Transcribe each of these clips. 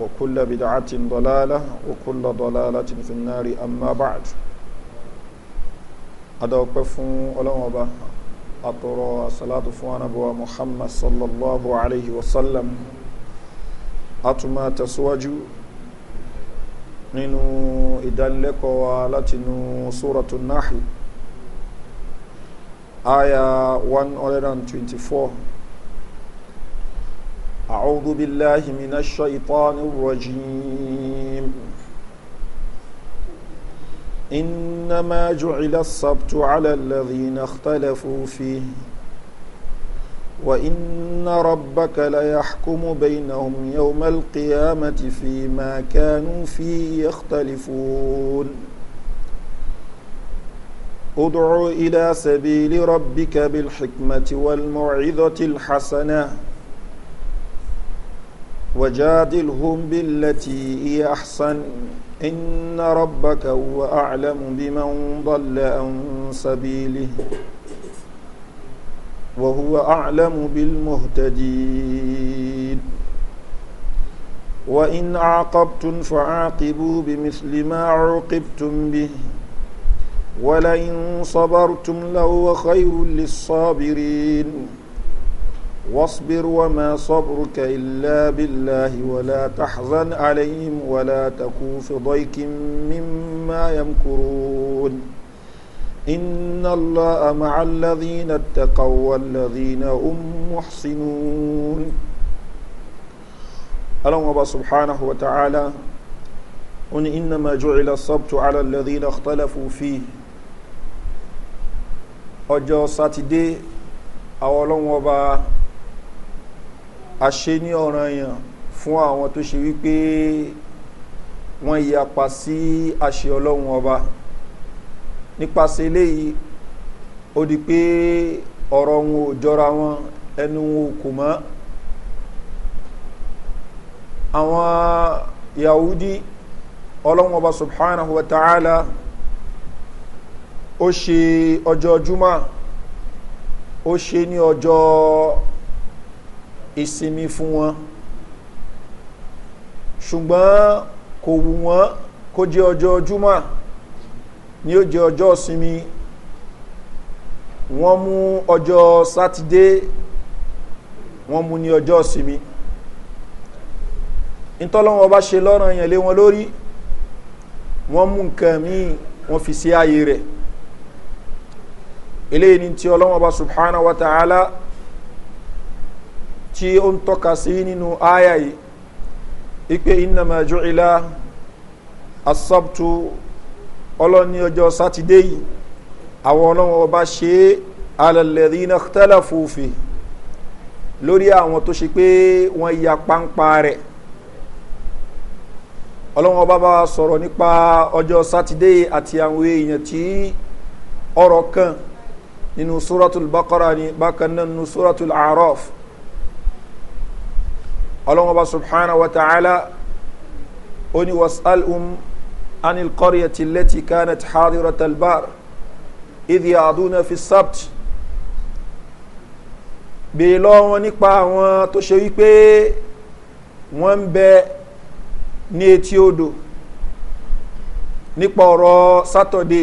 وكل بدعة ضلالة وكل ضلالة في النار أما بعد أدوك فون ألوبة أطرى صلاة فون أبو محمد صلى الله عليه وسلم أتما تسوج نينو إدلك ولتنو سورة النحل آية 124 أعوذ بالله من الشيطان الرجيم إنما جعل السبت على الذين اختلفوا فيه وإن ربك ليحكم بينهم يوم القيامة فيما كانوا فيه يختلفون ادع إلى سبيل ربك بالحكمة والموعظة الحسنة وجادلهم بالتي هي أحسن إن ربك هو أعلم بمن ضل عن سبيله وهو أعلم بالمهتدين وإن عاقبتم فعاقبوا بمثل ما عوقبتم به ولئن صبرتم لهو خير للصابرين واصبر وما صبرك إلا بالله ولا تحزن عليهم ولا تكو في ضيك مما يمكرون إن الله مع الذين اتقوا والذين هم محسنون الله سبحانه وتعالى أن إنما جعل الصبت على الذين اختلفوا فيه أجو ساتدي أولون وبا a ṣe ní ọ̀ràn yàn fún àwọn tó ṣe wípé wọ́n yapa sí àṣẹ ọlọ́run ọba nípasẹ̀ eléyìí ó di pé ọ̀rọ̀ wọn ò jọra wọn ẹnu wọn kò mọ́ àwọn yahudi ọlọ́run ọba subhanahu wa ta'ala ó ṣe ọjọ́ juma ó ṣe ní ọjọ́ ìsinmi fún wọn ṣùgbọ́n kò wù wọ́n kó jẹ́ ọjọ́ júmọ́ ni ó jẹ́ ọjọ́ ìsinmi wọ́n mú ọjọ́ sátidé wọ́n mú ní ọjọ́ ìsinmi ìtọ́lọ́wọ́n bá ṣe lọ́rọ̀ yẹn lé wọn lórí wọ́n mú nǹkan míì wọ́n fi sí ààyè rẹ̀ eléyìí ni tí ọlọ́wọ́n bá subhanahu wa ta'ala ala tí ó ń tọ́ka sí nínú àyà yìí ipe ìnàmà jùlá asọ́pùtù ọlọ́ni ọjọ́ sátidé yìí àwọn ọlọ́wọ́ bá ṣe alẹ́lẹ́dínà tẹ́lẹ̀ fòfè lórí àwọn tó ṣe pé wọ́n ya páńpá rẹ̀ ọlọ́wọ́ bá bá sọ̀rọ̀ nípa ọjọ́ sátidé àti àwọn èèyàn tí ọ̀rọ̀ kan nínú sóràtúl bákọ́ra ni bákan náà nínú sóràtúl àárọ̀fù ọlọ́wọ́ba subhana wa ta'ala ó ní wasal um anil kọ́rìyà ti lẹ́tì kánà ti hadira talbar ìdí àdúnà fi sabt bèè lọ́wọ́ nípa àwọn tó ṣe wípé wọ́n ń bẹ ní etí odò nípa ọ̀rọ̀ sátọ̀dé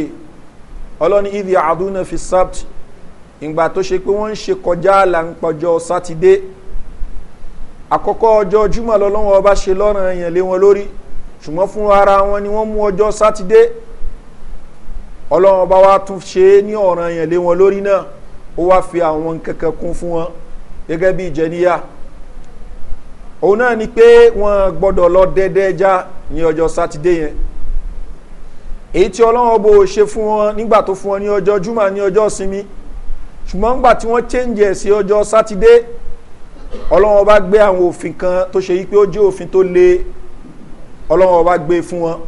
ọlọ́ni ìdí àdúnà fi sabt ìgbà tó ṣe pé wọ́n ń ṣe kọjá àlà ń àkọ́kọ́ ọjọ́ júmọ̀ lọ́lọ́wọ́ ọba ṣe lọ́ràn èèyàn lé wọn lórí ṣùgbọ́n fún ara wọn ni wọ́n mú ọjọ́ sátidé ọlọ́run ọba wa tún ṣe é ní ọ̀ràn èèyàn lé wọn lórí náà ó wá fi àwọn kankan kún fún wọn gẹ́gẹ́ bí ìjẹniyà òun náà ni pé wọ́n gbọ́dọ̀ lọ dẹ́dẹ́ já ní ọjọ́ sátidé yẹn èyí tí ọlọ́run ọba ò ṣe fún wọn nígbà tó fún wọn ní ọjọ́ júmọ̀ ní ọjọ́ sinmi ṣùgbọ́n nígbà tí wọ́n change ẹ̀ sí ọjọ́ sátidé ọlọ́wọ́n bá gbé àwọn òfin kan tó ṣe wípé ó jẹ́ òfin tó le ọlọ́wọ́n bá gbé e fún wọn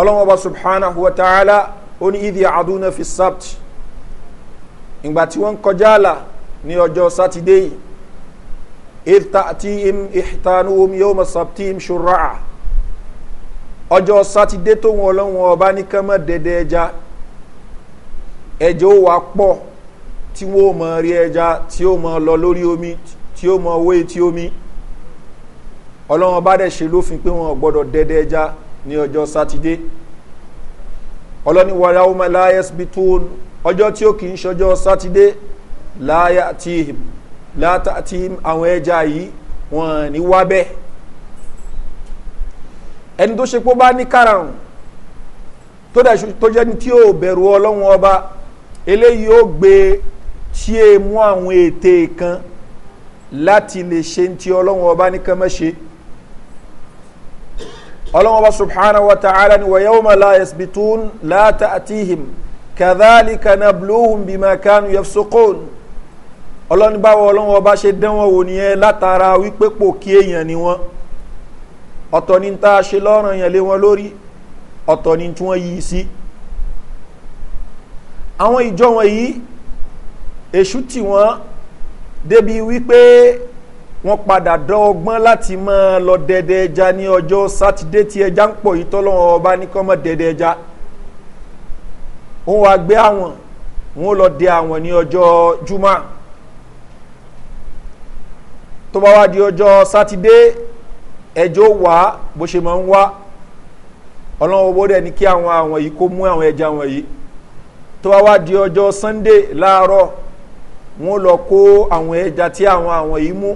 ọlọ́wọ́n bá subhanahu wa ta'ala ó ní ìdí àdúnà fi sabt ìgbà tí wọ́n kọjá àlà ní ọjọ́ sátidé yìí ìtàtí im ìtànú omi yóò mọ sàbtí im ṣùrà ọjọ́ sátidé tó wọn ọlọ́wọ́n ọba ní kánmọ́ dẹ́dẹ́ ẹja ẹjọ́ wà pọ̀ tí wọ́n mọ rí ẹja tí ó mọ lọ lórí omi tí ó mọ owó etí omi ọlọ́wọ́n bá dẹ̀ ṣe lófin pé wọn gbọ́dọ̀ dẹ́dẹ́ ẹja ní ọjọ́ sátidé ọlọ́ni wàrà ọmọ láyé spiton ọjọ́ tí ó kì í ṣọjọ́ sátidé láyà tí àwọn ẹja yìí wọ́n ní wábẹ́ ẹni tó ṣe pó bá ní karahun tó jẹ́ ní tí ó bẹ̀rù ọlọ́run ọba eléyìí ó gbé tí e mú àwọn ète kan láti lè ṣe ti ọlọ́run ọba nìkan mọ́ ṣe ọlọ́run ọba subhanahu wa ta'ala ni wàyẹ̀ wọ́n la yasbitun láta àtihim kàdálíkà na blóhùn bí makanu yafsokon ọlọ́run báwo ọlọ́run ọba ṣe dánwò wò nìyẹn látara wípé pò kí èèyàn ni wọ́n ọ̀tọ̀ ni ta ṣe lọ́rùn yẹn lé wọn lórí ọ̀tọ̀ ni tí wọ́n yí sí àwọn ìjọ wọn yìí èṣù tí wọ́n débi wípé wọ́n padà dán ọgbọ́n láti máa lọ dẹ́dẹ́ ẹja ní ọjọ́ sátidé tí ẹja ń pọ̀ yìí tọ́lọ́wọ́n ọba ní kọ́mọ́ dẹ́dẹ́ ẹja òun wá gbé àwọn òun lọ dẹ àwọn ní ọjọ́ jumá tó bá wá di ọjọ́ sátidé ẹjọ́ wá bó ṣe máa ń wá ọlọ́wọ́n owó dẹ̀ ní kí àwọn àwọn yìí kó mú àwọn ẹja wọ̀nyí tó bá wá di ọjọ́ sunday láàárọ̀ wọ́n lọ kó àwọn ẹja tí àwọn àwọn yìí mú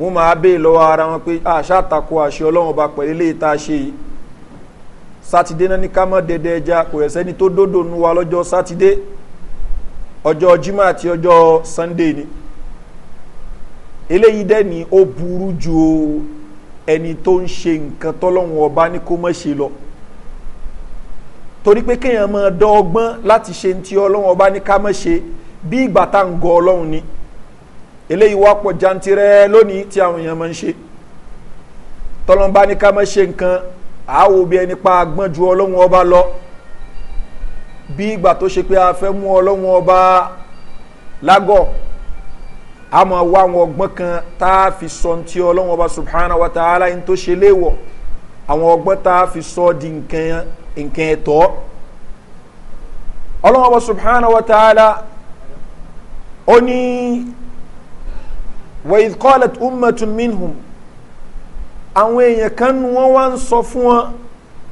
wọ́n máa bèè lọ́wọ́ ara wọn pé àṣà àtakò àṣẹ ọlọ́run ọba pẹ̀lú ilé ìta ṣe yìí sátidé náà ní ká mọ́ dẹdẹ ẹja kò rẹ̀ sẹ́ni tó dódò nu wa lọ́jọ́ sátidé ọjọ́ jimá àti ọjọ́ sunday ni eléyìí dẹ́ ni ó burú ju ẹni tó ń ṣe nǹkan tọ́lọ́hún ọba ní kó mọ́ ṣe lọ torí pé kéèyàn máa dán ọgbọ́n láti ṣe ti ọlọ́hún ọba ní ká mọ́ ṣe bí ìgbà tá ń gọ ọlọ́run ni eléyìí wá pọ̀ jantirẹ lónìí tí àwọn èèyàn máa ń ṣe tọ́lọ́mbá ní ká má ṣe nǹkan àáwò bí ẹni pa agbọ́n ju ọlọ́run ọba lọ bí ìgbà tó ṣe pé a fẹ́ mú ọlọ́run ọba lágọ̀ a máa wá àwọn ọgbọ́n kan tá a fi sọ ti ọlọ́run ọba subhanahu wa ta'ala ní tó ṣe léèwọ̀ àwọn ọgbọ́n tá a fi sọ di nǹkan ẹ̀tọ́ ọlọ́run ọba subhanahu wa ta'ala ó ní wa'idh qalat ummatun minhum àwọn èèyàn kan nu wọ́n wá ń sọ fún wọn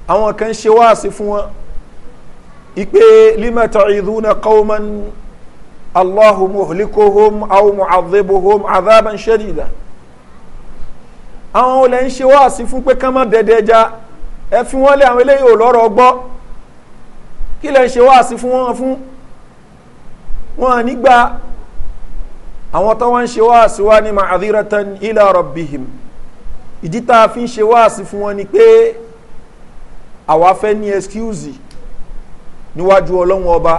àwọn kan ṣe wáàsí fún wọn ipe lima ta'idhuna qauman allahu muhlikuhum aw mu'adhibuhum adhaban shadida àwọn olè ń ṣe wáàsí fún pé kán má dẹdẹ ẹ fi wọn lé àwọn eléyìí ò lọ́rọ̀ kí lẹ ń ṣe wáàsí fún wọn fún wọn nígbà àwọn tó wọ́n ń ṣe wáàsí wá ní ma'adíratan ilẹ̀ rọ̀bìhìm ìdí tá a fi ń ṣe wáàsí fún wọn ni pé àwa fẹ́ ní ẹskúùsì níwájú ọlọ́wọ́n ọba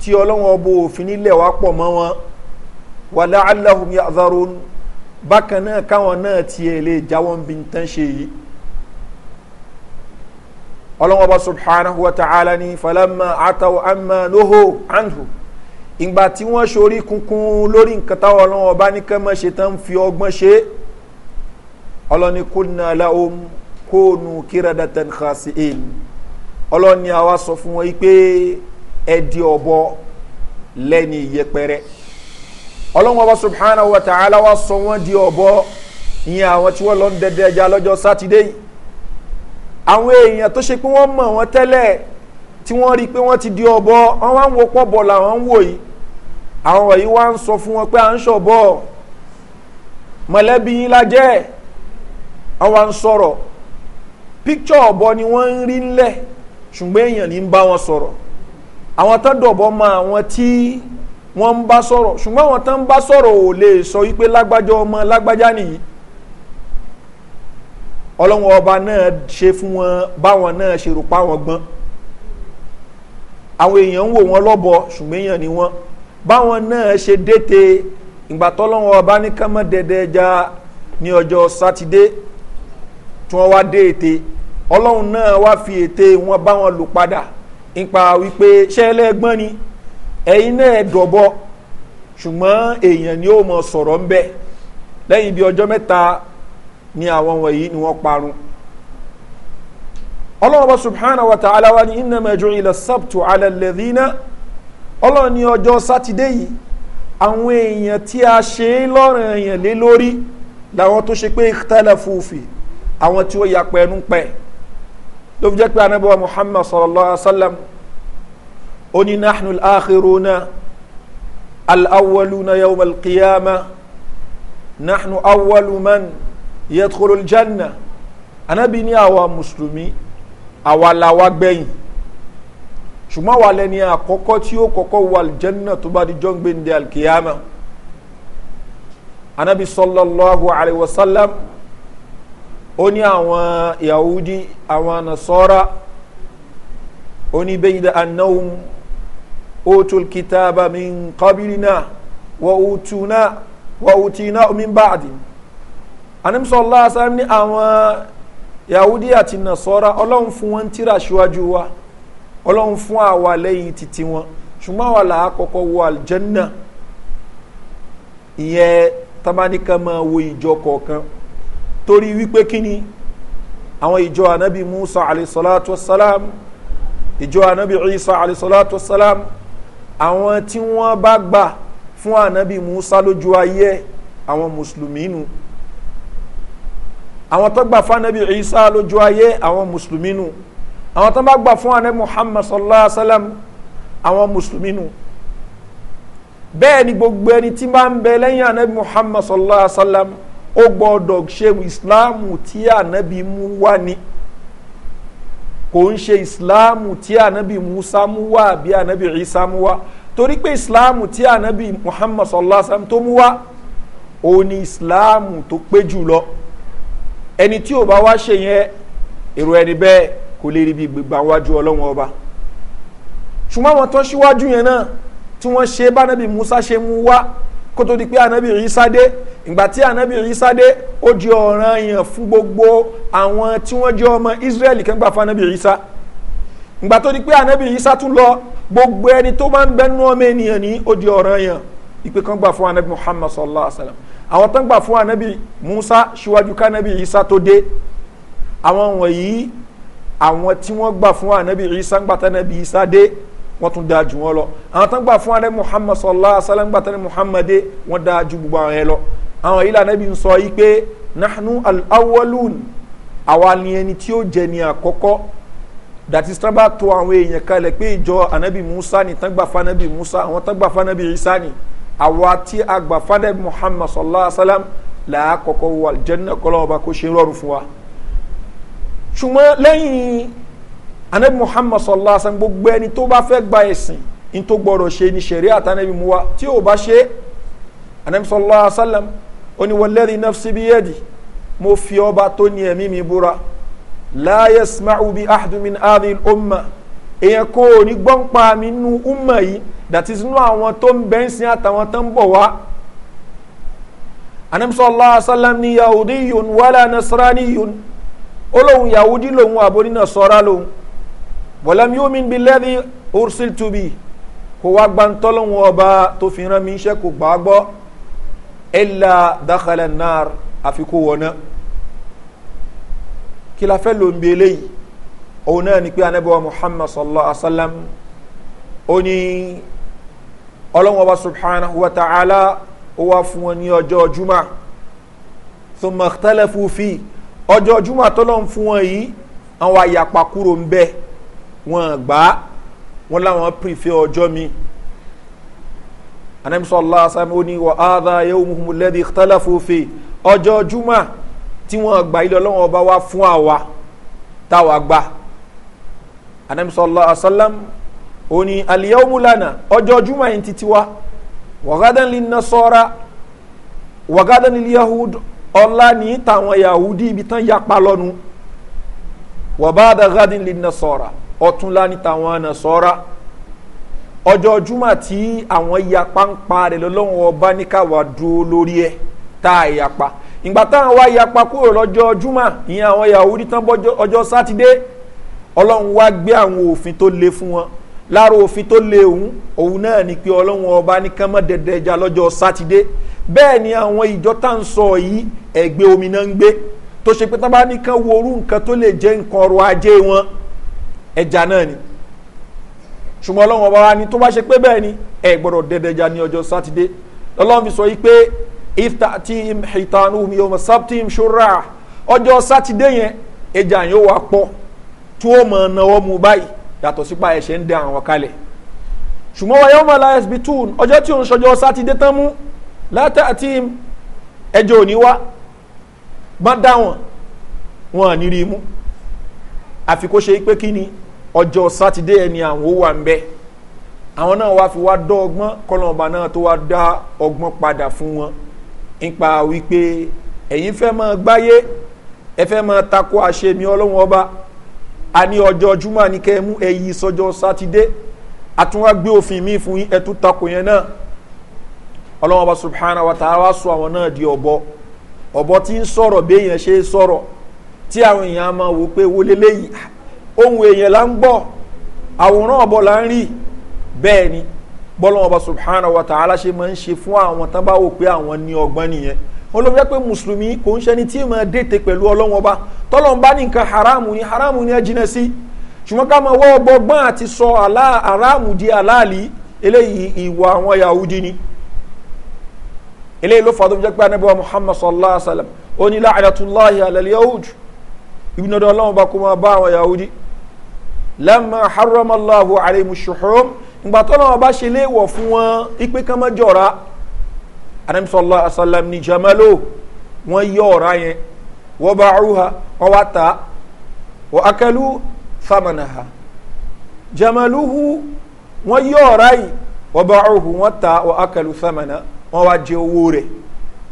tí ọlọ́wọ́n ọba òfin nílẹ̀ wá pọ̀ mọ́ wọn wà láàláhùn yàzáró bákan náà káwọn náà tiẹ̀ lè jáwọ́ ń bi tán ṣe yìí ọlọ́wọ́n ọba subhanahu wa ta'ala ni falama ataw amma noho anhu ìgbà tí wọ́n ṣorí kunkun lórí nǹkan táwọn ọlọ́wọ́n ọba ní kán mọ́ ṣe tán ń fi ọgbọ́n ṣe ọlọ́ni kúnà aláhùn kóònù kíradatan khasiin ọlọ́ni àwa sọ fún wọn pé ẹdí ọ̀bọ lẹ́ni yẹpẹrẹ ọlọ́wọ́n ọba subhana wa ta'ala wa sọ wọn di ọ̀bọ ìyẹn àwọn tí wọ́n lọ ń dẹdẹ ẹja lọ́jọ́ sátidé yìí àwọn èèyàn tó ṣe pé wọ́n mọ̀ wọ́n tẹ́lẹ̀ tí wọ́n rí i pé wọ́n ti di ọ̀bọ wọ́n wá ń wo pọ̀ làwọn ń wò yìí àwọn wọ̀nyí wá ń sọ fún wọn pé à ń ṣọ̀bọ̀ mọ̀lẹ́bí yín la jẹ́ àwa ń sọ̀rọ̀ píkṣọ̀ ọ̀bọ ni wọ́n ń rí ńlẹ̀ ṣùgbọ́n èèyàn ní ń bá wọn sọ̀rọ̀ àwọn tó dọ̀bọ̀ mọ àwọn tí wọ́n ń bá sọ̀rọ̀ ṣùgbọ́n àwọn tó ń bá sọ̀rọ̀ ò lè sọ wípé lágbájá ọmọ lágbájá nìyí ọlọ́wọ́n ọba náà ṣe fún wọn báwọn náà ṣe rò pa wọn gbọ́n àwọn èèyàn ń wò wọn lọ́bọ ṣùgbọ́n èèyàn ni wọ́n báwọn náà ṣe déte ìgbà tọ́lọ́wọ́ ọba ní kánmọ́ dẹ̀dẹ̀ ẹja ní ọjọ́ sátidé tí wọ́n wá dé ète ọlọ́run náà wá fi ète wọn bá wọn lò padà nípa wípé ṣẹlẹ̀ ẹgbọ́n ni ẹ̀yin náà ẹ̀dọ̀bọ ṣùgbọ́n èèyàn ni ó mọ sọ̀rọ̀ ń bẹ̀ lẹ́yìn bí ọjọ́ mẹ́ta ni àwọn wọ̀nyí ni wọ́n parun ọlọ́run ọba subhanahu wa ta'ala wa ni inna mẹ́jọ ilẹ̀ sábtù alẹ́ lẹ́dínà ọlọ́run ní ọjọ́ sátidé yìí àwọn èèyàn tí a ṣe é lọ́rùn èèyàn lé lórí làwọn tó ṣe pé tẹ́lẹ̀ fòfì àwọn tí ó ya pẹ̀lú pẹ̀ ló fi jẹ́ pé anábọ̀ muhammad sallallahu alaihi wa sallam oní nahnu al-akhiruna al-awwaluna yawm al-qiyama nahnu awwalu man yadkhulu janna anábì ní àwa mùsùlùmí àwa làwa gbẹ̀yìn ṣùgbọ́n wà lẹ́ni àkọ́kọ́ tí ó kọ́kọ́ wà jẹ́nà tó bá di jọ́ ń gbé ní alkiyama anabi sallallahu alayhi wa sallam ó ní àwọn yahudi àwọn nasọ́ra ó ní bẹ́yìí da anáhùn ótul kitaba min kabilina wa utuna wa utina min ba'di anabi sallallahu alayhi wa sallam ní àwọn yahudi àti nasọ́ra ọlọ́run fún wọn tíra ṣíwájú Wa ọlọ́run fún àwa lẹ́yìn títí wọn ṣùgbọ́n àwa là á kọ́kọ́ wo àlùjẹ́nà ìyẹn tábánikà máa wo ìjọ kọ̀ọ̀kan torí wípé kíni àwọn ìjọ anabi musa alayhisalatu wasalam ìjọ anabi isa alayhisalatu wasalam àwọn tí wọ́n bá gbà fún anabi musa lójú ayé àwọn mùsùlùmí nù àwọn tó gbà fún anabi isa lójú ayé àwọn mùsùlùmí nù àwọn tó bá gbà fún ààrẹ muhammad sallallahu alaihi wa sallam àwọn mùsùlùmí nù bẹ́ẹ̀ ni gbogbo ẹni tí bá ń bẹ lẹ́yìn ànábi muhammad sallallahu alaihi wa sallam ó gbọ́dọ̀ ṣe ìsìláàmù tí ànábi mú wá ni kò ń ṣe ìsìláàmù tí ànábi musa mú wá àbí ànábi isa mú wá torí pé ìsìláàmù tí ànábi muhammad sallallahu alaihi wa sallam tó mú wá òun ni ìsìláàmù tó pé jù lọ ẹni tí ò bá wá ṣe yẹn èrò ẹni bẹ́ẹ̀ kò lè rí bí gbígbà wájú ọlọ́run ọba ṣùgbọ́n àwọn tó ṣíwájú yẹn náà tí wọ́n ṣe bá musa ṣe mú wá kó tó di pé anabi risade ìgbà tí anabi risade ó di ọ̀ràn yẹn fún gbogbo àwọn tí wọ́n jẹ́ ọmọ israẹli kan gbà fún anabi risa ìgbà tó di pé anabi risa tún lọ gbogbo ẹni tó bá ń bẹnu ọmọ ènìyàn ní ó di ọ̀ràn yẹn ìpè kan gbà fún anabi muhammad sallallahu alaihi wa sallam àwọn tó ń gbà fún anabi musa ṣíwájú ká anabi risa tó dé àwọn wọ̀nyí àwọn tí wọ́n gbà fún anabi isa ń gbàtà anabi isa dé wọ́n tún dáa jù wọ́n lọ àwọn tán gbà fún anabi muhammad sallallahu alayhi wa gbàtà anabi muhammad dé wọ́n dáa ju gbogbo àwọn yẹn lọ àwọn yìí lànà bí n sọ yìí pé nahnu al àwa ni ẹni tí ó jẹ ní àkọ́kọ́ dàtí sábà tó àwọn èèyàn kalẹ̀ pé ìjọ anabi musa ni tán gbà fún anabi musa àwọn tán gbà fún anabi isa ni àwa tí a gbà fún anabi muhammad sallallahu alayhi làá kọ́kọ́ wà jẹ́ ní ọkọ̀ ṣùgbọ́n lẹ́yìn anabi muhammad sallallahu alaihi wa sallam gbogbo ẹni tó bá fẹ́ gba ẹ̀sìn ní tó gbọ́dọ̀ ṣe ni ṣẹ̀rí àtànàbí mu wa tí ò bá ṣe anabi sallallahu alaihi wa sallam oníwọlẹ́rì nafsi bí yẹ́dì mo fi ọba tó ní ẹ̀mí mi búra láyé smaru bí ahdumin adil umma èèyàn kò ní gbọ́npa mi nú umma yìí dàtí sínú àwọn tó ń bẹ́ ń sin àtàwọn tó ń bọ̀ wá anabi sallallahu alaihi wa sallam ni yahudi yun wàlá nasrani yun olóhùn yahudi lòun àbónínà sọ́ra lòun bọ̀lẹ́mi omi ń bi lẹ́ni ursil tubi kò wá gbantọ́ lòun ọba tó fi rán mi iṣẹ́ kò gbà á gbọ́ ẹ̀là dákàlẹ̀ náà àfikún wọ̀nà kí la fẹ́ ló ń bi eléyìí òun náà ni pé anábẹ́wà muhammad sallallahu alaihi ó ní ọlọ́wọ́n ọba subhanahu wa ta'ala ó wá fún wọn ní ọjọ́ juma thumma tẹ́lẹ̀ fún ọjọ́ júmọ̀ àtọ́lọ́n fún wọn yìí àwọn àyàpá kúrò ń bẹ wọn gbà á wọn láwọn pèfẹ́ ọjọ́ mi anamisọ́lá sami ó ní wà áádá yẹ́wò muhammed lẹ́dí tálàfófè ọjọ́ júmọ̀ tí wọn gbà ilé ọlọ́wọ́n ọba wá fún àwa táwa gbà anamisọ́lá asálám ó ní àlìyáwó múlànà ọjọ́ júmọ̀ yìí ti tiwa wàgádàn lè ná sọ́ra wàgádàn lè yahud ọlá ní tàwọn yahudi ibi tán yapa lọ́nu wàbáàdà gadin lè na sọ̀ra ọ̀túnlá ní tàwọn na sọ̀ra ọjọ́ juma tí àwọn yapa ń pa rẹ̀ lọ́wọ́ ọba ní káwa dúró lórí ẹ̀ tá a yapa ìgbà táwọn wá yapa kúrò lọ́jọ́ juma ìyẹn àwọn yahudi tán bọ́jọ́ ọjọ́ sátidé ọlọ́run wá gbé àwọn òfin tó le fún wọn lára òfin tó lé òun òun náà ni pé ọlọ́run ọba ní kán mọ́ dẹ̀dẹ̀ ẹja lọ́jọ́ sátidé bẹ́ẹ̀ ni àwọn ìjọ tá ń sọ yìí ẹ̀gbẹ́ omi náà ń gbé tó ṣe pé tán bá ní kán wo orú nǹkan tó lè jẹ́ nǹkan ọrọ̀ ajé wọn ni ṣùgbọ́n ọlọ́run ọba ni tó bá ṣe pé bẹ́ẹ̀ ni ẹ gbọ́dọ̀ dẹ̀dẹ̀ ẹja ní ọjọ́ sátidé ọlọ́run fi sọ yìí pé yàtọ̀ sípa ẹ̀ṣẹ̀ ń dẹ àwọn kalẹ̀ ṣùgbọ́n wáyé ọmọ aláyẹs bíi tún ọjọ́ tí òun ṣọjọ́ sátidé tán mú látà àti ẹjọ́ òní wá bá dá wọn wọn à ní rí mú àfi kó ṣe pé kí ni ọjọ́ sátidé ẹni àwọn ó wà ń bẹ́ àwọn náà wá fi wá dọ́ ọgbọ́n kọlọ́ọ̀bà náà tó wá dá ọgbọ́n padà fún wọn nípa wípé ẹ̀yin fẹ́ máa gbáyé ẹ fẹ́ máa takò àṣẹ mi ọlọ́wọ́n ọba a ní ọjọ́ júmọ́ ní kẹ́ ẹ mú ẹyí sọjọ́ sátidé àtúnwá gbé òfin mi fún yín ẹtú takò yẹn náà ọlọ́wọ́n bá subhana wa ta'ala wá sọ àwọn náà di ọ̀bọ ọ̀bọ tí ń sọ̀rọ̀ bí èèyàn ṣe sọ̀rọ̀ tí àwọn èèyàn máa wò pé wọlé léyìí ohun èèyàn là ń gbọ́ àwòrán ọ̀bọ là ń rí bẹ́ẹ̀ ni bọ́lọ́wọ́n bá subhana wa ta'ala ṣe máa ń ṣe fún àwọn tán bá wò pé àwọn ní ọgbọ́n nìyẹn olóòfẹ́ pé mùsùlùmí kò ń ṣẹni tí ma dètè pẹ̀lú ọlọ́wọ́n ọba tọ́lọ́n bá ní nǹkan haramu ni haramu ni ẹ jìnà sí ṣùgbọ́n ká máa wọ́ ọgbọ́gbọ́n àti sọ haramu di aláàlí eléyìí ìwà àwọn yahudi ni eléyìí ló fàdó jẹ́ pé anábẹ́wà muhammad sallallahu alayhi wa sallam ó ní láàdàtúláhi alẹ́lẹ́ yahud ibi náà ọlọ́wọ́n bá kó máa bá àwọn yahudi lẹ́mọ̀ haramallahu alayhi mushroom ìgbà tọ́lọ́wọ́n bá ṣe léèwọ̀ fún wọn ipe kan mọ́jọ́ra anamisọ́lá asálàm ní jamalo wọ́n yọ ọ̀rá yẹn wọ́n bá rúha wọ́n wá ta wọ́n akẹ́lú famanaha jamaluhu wọ́n yọ ọ̀rá yìí wọ́n bá rúhu wọ́n ta wọ́n akẹ́lú famana wọ́n wá jẹ owó rẹ̀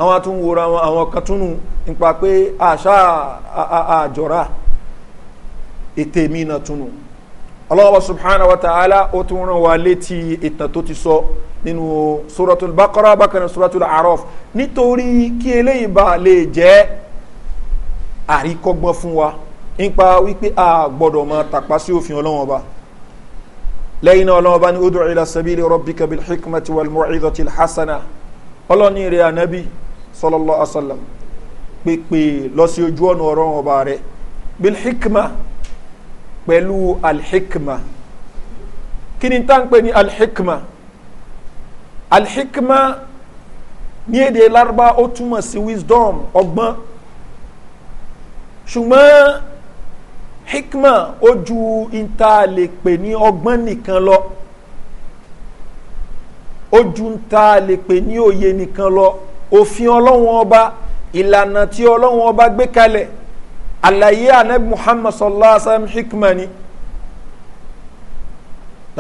àwọn atúnwòrán àwọn àwọn katúnù nípa pé àṣà àjọra ètè mi náà túnù ọlọ́wọ́ subhanahu wa ta'ala ó tún ràn wá létí ìtàn tó ti sọ. So, nínú suratul bakara bákanáà suratul araf nítorí kí eléyìí bá lè jẹ́ àríkọ́gbọ́n fún wa nípa wípé a gbọ́dọ̀ máa tàpá sí òfin ọlọ́wọ́n ọba lẹ́yìn náà ọlọ́wọ́n ọba ní odò ìlà sabili rọ́bì kabil hikmati wal mu'ido til hasana ọlọ́ni rẹ̀ anabi sọlọ́lọ́ asalam pèpè lọ sí ojú ọ̀nà ọlọ́wọ́n ọba rẹ̀ bil hikma pẹ̀lú al kí ni tá ń pè ní al alhikma ní èdè larba ó túmọ̀ sí wisdom ọgbọ́n ṣùgbọ́n hikma ó ju ìta lè pè ní ọgbọ́n nìkan lọ ó ju ìta lè pè ní òye nìkan lọ òfin ọlọ́wọ́n ọba ìlànà tí ọlọ́wọ́n ọba gbé kalẹ̀ àlàyé anabi muhammad sallallahu alaihi wa sallam hikma ni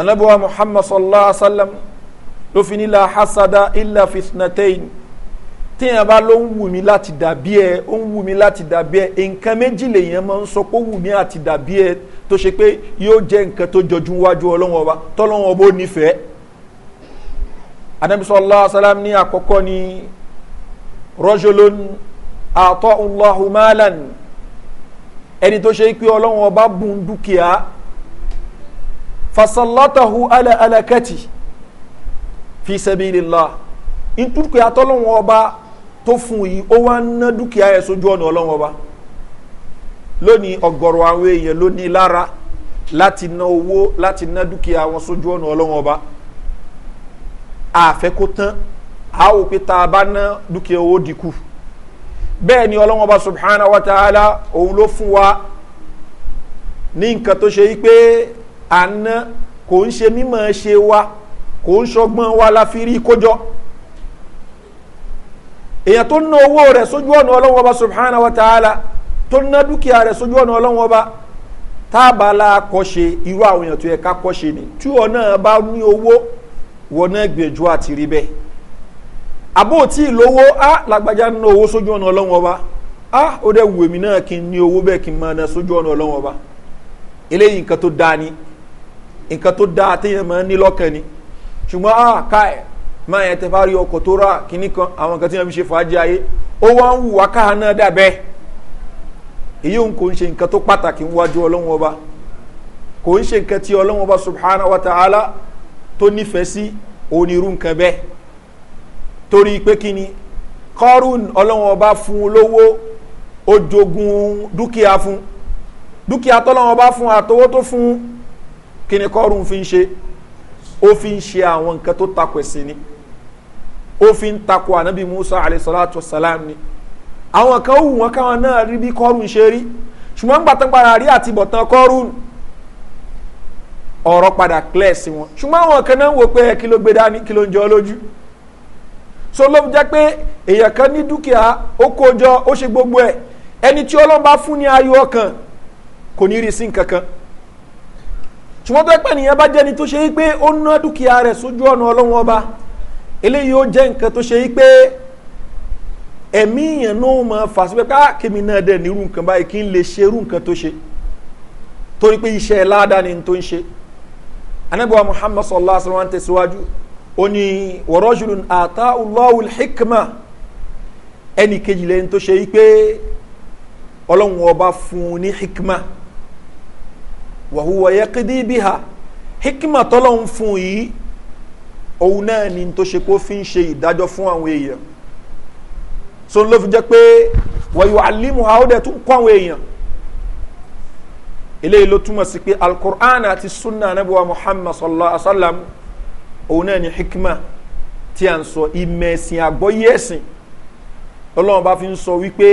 anabi wa muhammad sallallahu alaihi wa sallam ló fi ní la hasada illa fitnatain téèyàn bá ló ń wù mí láti dàbí ẹ ó ń wù mí láti dàbí ẹ nǹkan méjì lèèyàn máa ń sọ pé ó wù mí àti dàbí ẹ tó ṣe pé yóò jẹ́ nǹkan tó jọjú wájú ọlọ́wọ́n ọba tọ́lọ́wọ́n ọba ó nífẹ̀ẹ́ anabisọ́lá salam ní àkọ́kọ́ ni rọ́jọ́lón àtọ́ ńlọ́hùmáàlán ẹni tó ṣe pé ọlọ́wọ́n ọba bùn dúkìá fasalatahu ala alakati. Ala fi sabilillah nítorí àtọ́lọ́wọ́n ọba tó fún yìí ó wá ń ná dúkìá ẹ̀ sójú ọ̀nà ọlọ́wọ́n ọba lónìí ọ̀gọ̀rọ̀ àwọn èèyàn ló lára láti ná owó láti ná dúkìá wọn sójú ọ̀nà ọlọ́wọ́n ọba àfẹ́ kó tán a ó pé tá a bá ná dúkìá owó dínkù bẹ́ẹ̀ ni ọlọ́wọ́n ọba subhanahu wa ta'ala òun ló fún wa ní nǹkan tó ṣe yí pé àná kò ń ṣe mímọ̀ ṣe wa kò ń ṣọgbọ́n wa la fi rí kójọ èèyàn tó ná owó rẹ̀ sójú ọ̀nà ọlọ́wọ́ ọba subhanahu wa ta'ala tó ná dúkìá rẹ̀ sójú ọ̀nà ọlọ́wọ́ ọba táàbà la kọ́ṣe irú àwọn èèyàn tó yẹ ká kọ́ṣe ni tí wọn náà bá ní owó wọn náà gbìyànjú àti rí bẹ́ẹ̀ àbó tí lówó á làgbàjá ná owó sójú ọ̀nà ọlọ́wọ́ ọba á ó dẹ̀ wù èmi náà kí n ní owó bẹ́ẹ̀ kí n máa ná sójú ọ̀nà ọlọ́wọ́ ọba eléyìí nǹkan tó dáa ni nǹkan tó dáa téèyàn máa ń ní lọ́kàn ni ṣùgbọ́n a ká ẹ̀ máa yẹn tẹ fárí ọkọ̀ tó rà kíní kan àwọn nǹkan tí wọ́n fi ṣe fàájì ayé ó wá ń wùwá káà náà dàbẹ́ èyí òun kò ń ṣe nǹkan tó pàtàkì wájú ọlọ́run ọba kò ń ṣe nǹkan tí ọlọ́run ọba subhana wa ta'ala tó nífẹ̀ẹ́ sí onírú nǹkan bẹ́ẹ̀ torí pé kíni kọ́rùn ọlọ́run ọba fún un lówó ó jogun dúkìá fún dúkìá tọ́lọ́run ọba fún àtọwọ́ tó fún kíni kọ́rùn fi ń ṣe ó fi ń ṣe àwọn nǹkan tó takò ẹ̀sìn fi ń takò ànábì musa alayisalaatu salam ni àwọn kan wù wọn káwọn náà rí bí kọ́rùn ṣe rí ṣùgbọ́n gbàtàn rí àti bọ̀tán kọ́rùn ọ̀rọ̀ padà clear sí wọn ṣùgbọ́n àwọn kan náà ń wo pé kí ló gbé dání kí ló ń jọ lójú so ló jẹ́ kan ní dúkìá ó kójọ ó ṣe gbogbo ẹ̀ ṣùgbọ́n tó pẹ́ nìyẹn bá jẹ́ni tó ṣe wípé ó ná dúkìá rẹ̀ sójú ọ̀nà ọlọ́wọ́n ọba eléyìí ó jẹ́ nǹkan tó ṣe wípé ẹ̀mí yẹn ló máa fà sí pé ah, káàkiri náà dẹ̀ nírú nǹkan báyìí kí n lè ṣe irú nǹkan tó ṣe torí pé iṣẹ́ ládàá ni tó ń ṣe anabiwa muhammad sallallahu alaihi wa tẹ̀síwájú ó ní wọ́rọ́jùlùn àtà ulọ́wùl hikma ẹnì kejì lẹ́yìn tó ṣe wípé ọlọ́run ọba fún un ní hikma wàhùwà yẹkídí bíhà hikima tọ́lọ̀ ń fún yìí òun náà ni tó ṣe kó fi ń ṣe ìdájọ́ fún àwọn èèyàn so ló fi jẹ́ pé wàyù alimu haúdẹ̀ tún kọ́ àwọn èèyàn eléyìí ló túmọ̀ sí pé alukur'an àti sunna anabiwa muhammad sallallahu alaihi wa sallam òun náà ni hikima tí a ń sọ ìmẹ̀sìn àgbọ́yé ẹ̀sìn ọlọ́run bá fi ń sọ wípé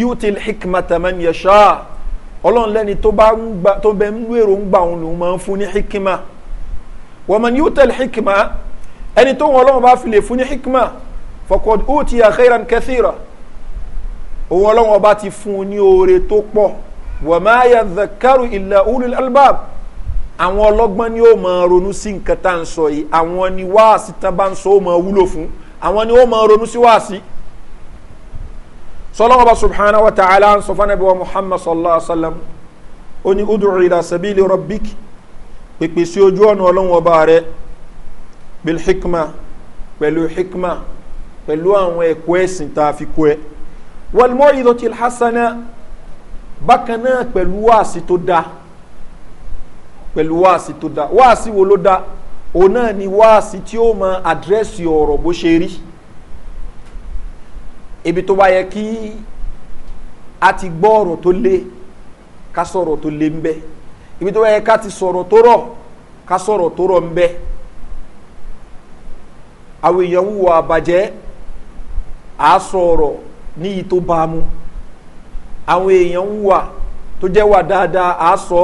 yútil hikima tàmánìyà ṣáà ọlọ́run lẹ́ni tó bá ń gba tó bẹ ń wérò ń gba òun lòun máa ń fún ní hikima wọ́n mọ̀ ní yóò tẹ̀lé hikima ẹni tó wọn ọlọ́run bá fi lè fún ní hikima fọkàn ó ti yà xeyran kẹsìrà òun ọlọ́run ọba ti fún un ní oore tó pọ̀ wọ́n máa yà zakaru ilà ulul albab àwọn ọlọ́gbọ́n ni ó máa ronú sí nǹkan tá à ń sọ yìí àwọn ni wáàsí tán bá ń sọ ó máa wúlò fún àwọn ni ó máa ronú sí wáàsí sọlọ́wọ́ bá subhanahu wa ta'ala ń sọ fún ẹbí wa muhammad sallallahu alaihi wa sallam ó ní udu ila sabili rabbik pèpè sí ojú ọ̀nà ọlọ́wọ́ bá rẹ bil hikma pẹ̀lú hikma pẹ̀lú àwọn ẹ̀kọ́ ẹ̀sìn tá a fi kú ẹ wal mọ́ ìdọ̀tí hasana bákan náà pẹ̀lú wáàsí tó dáa pẹ̀lú wáàsí tó dáa wáàsí wo ló dáa òun náà ni wáàsí tí ó máa àdírẹ́sì ọ̀rọ̀ bó ṣe rí ibi tó bá yẹ kí a ti gbọ́ ọ̀rọ̀ tó lé ká sọ̀rọ̀ tó lé ń bẹ́ ibi tó bá yẹ ká ti sọ̀rọ̀ tó rọ̀ ká sọ̀rọ̀ tó rọ̀ ń bẹ́ àwọn èèyàn wúwo àbàjẹ́ à sọ̀rọ̀ níyì tó bá mu àwọn èèyàn wúwa tó jẹ́ wà dáadáa à sọ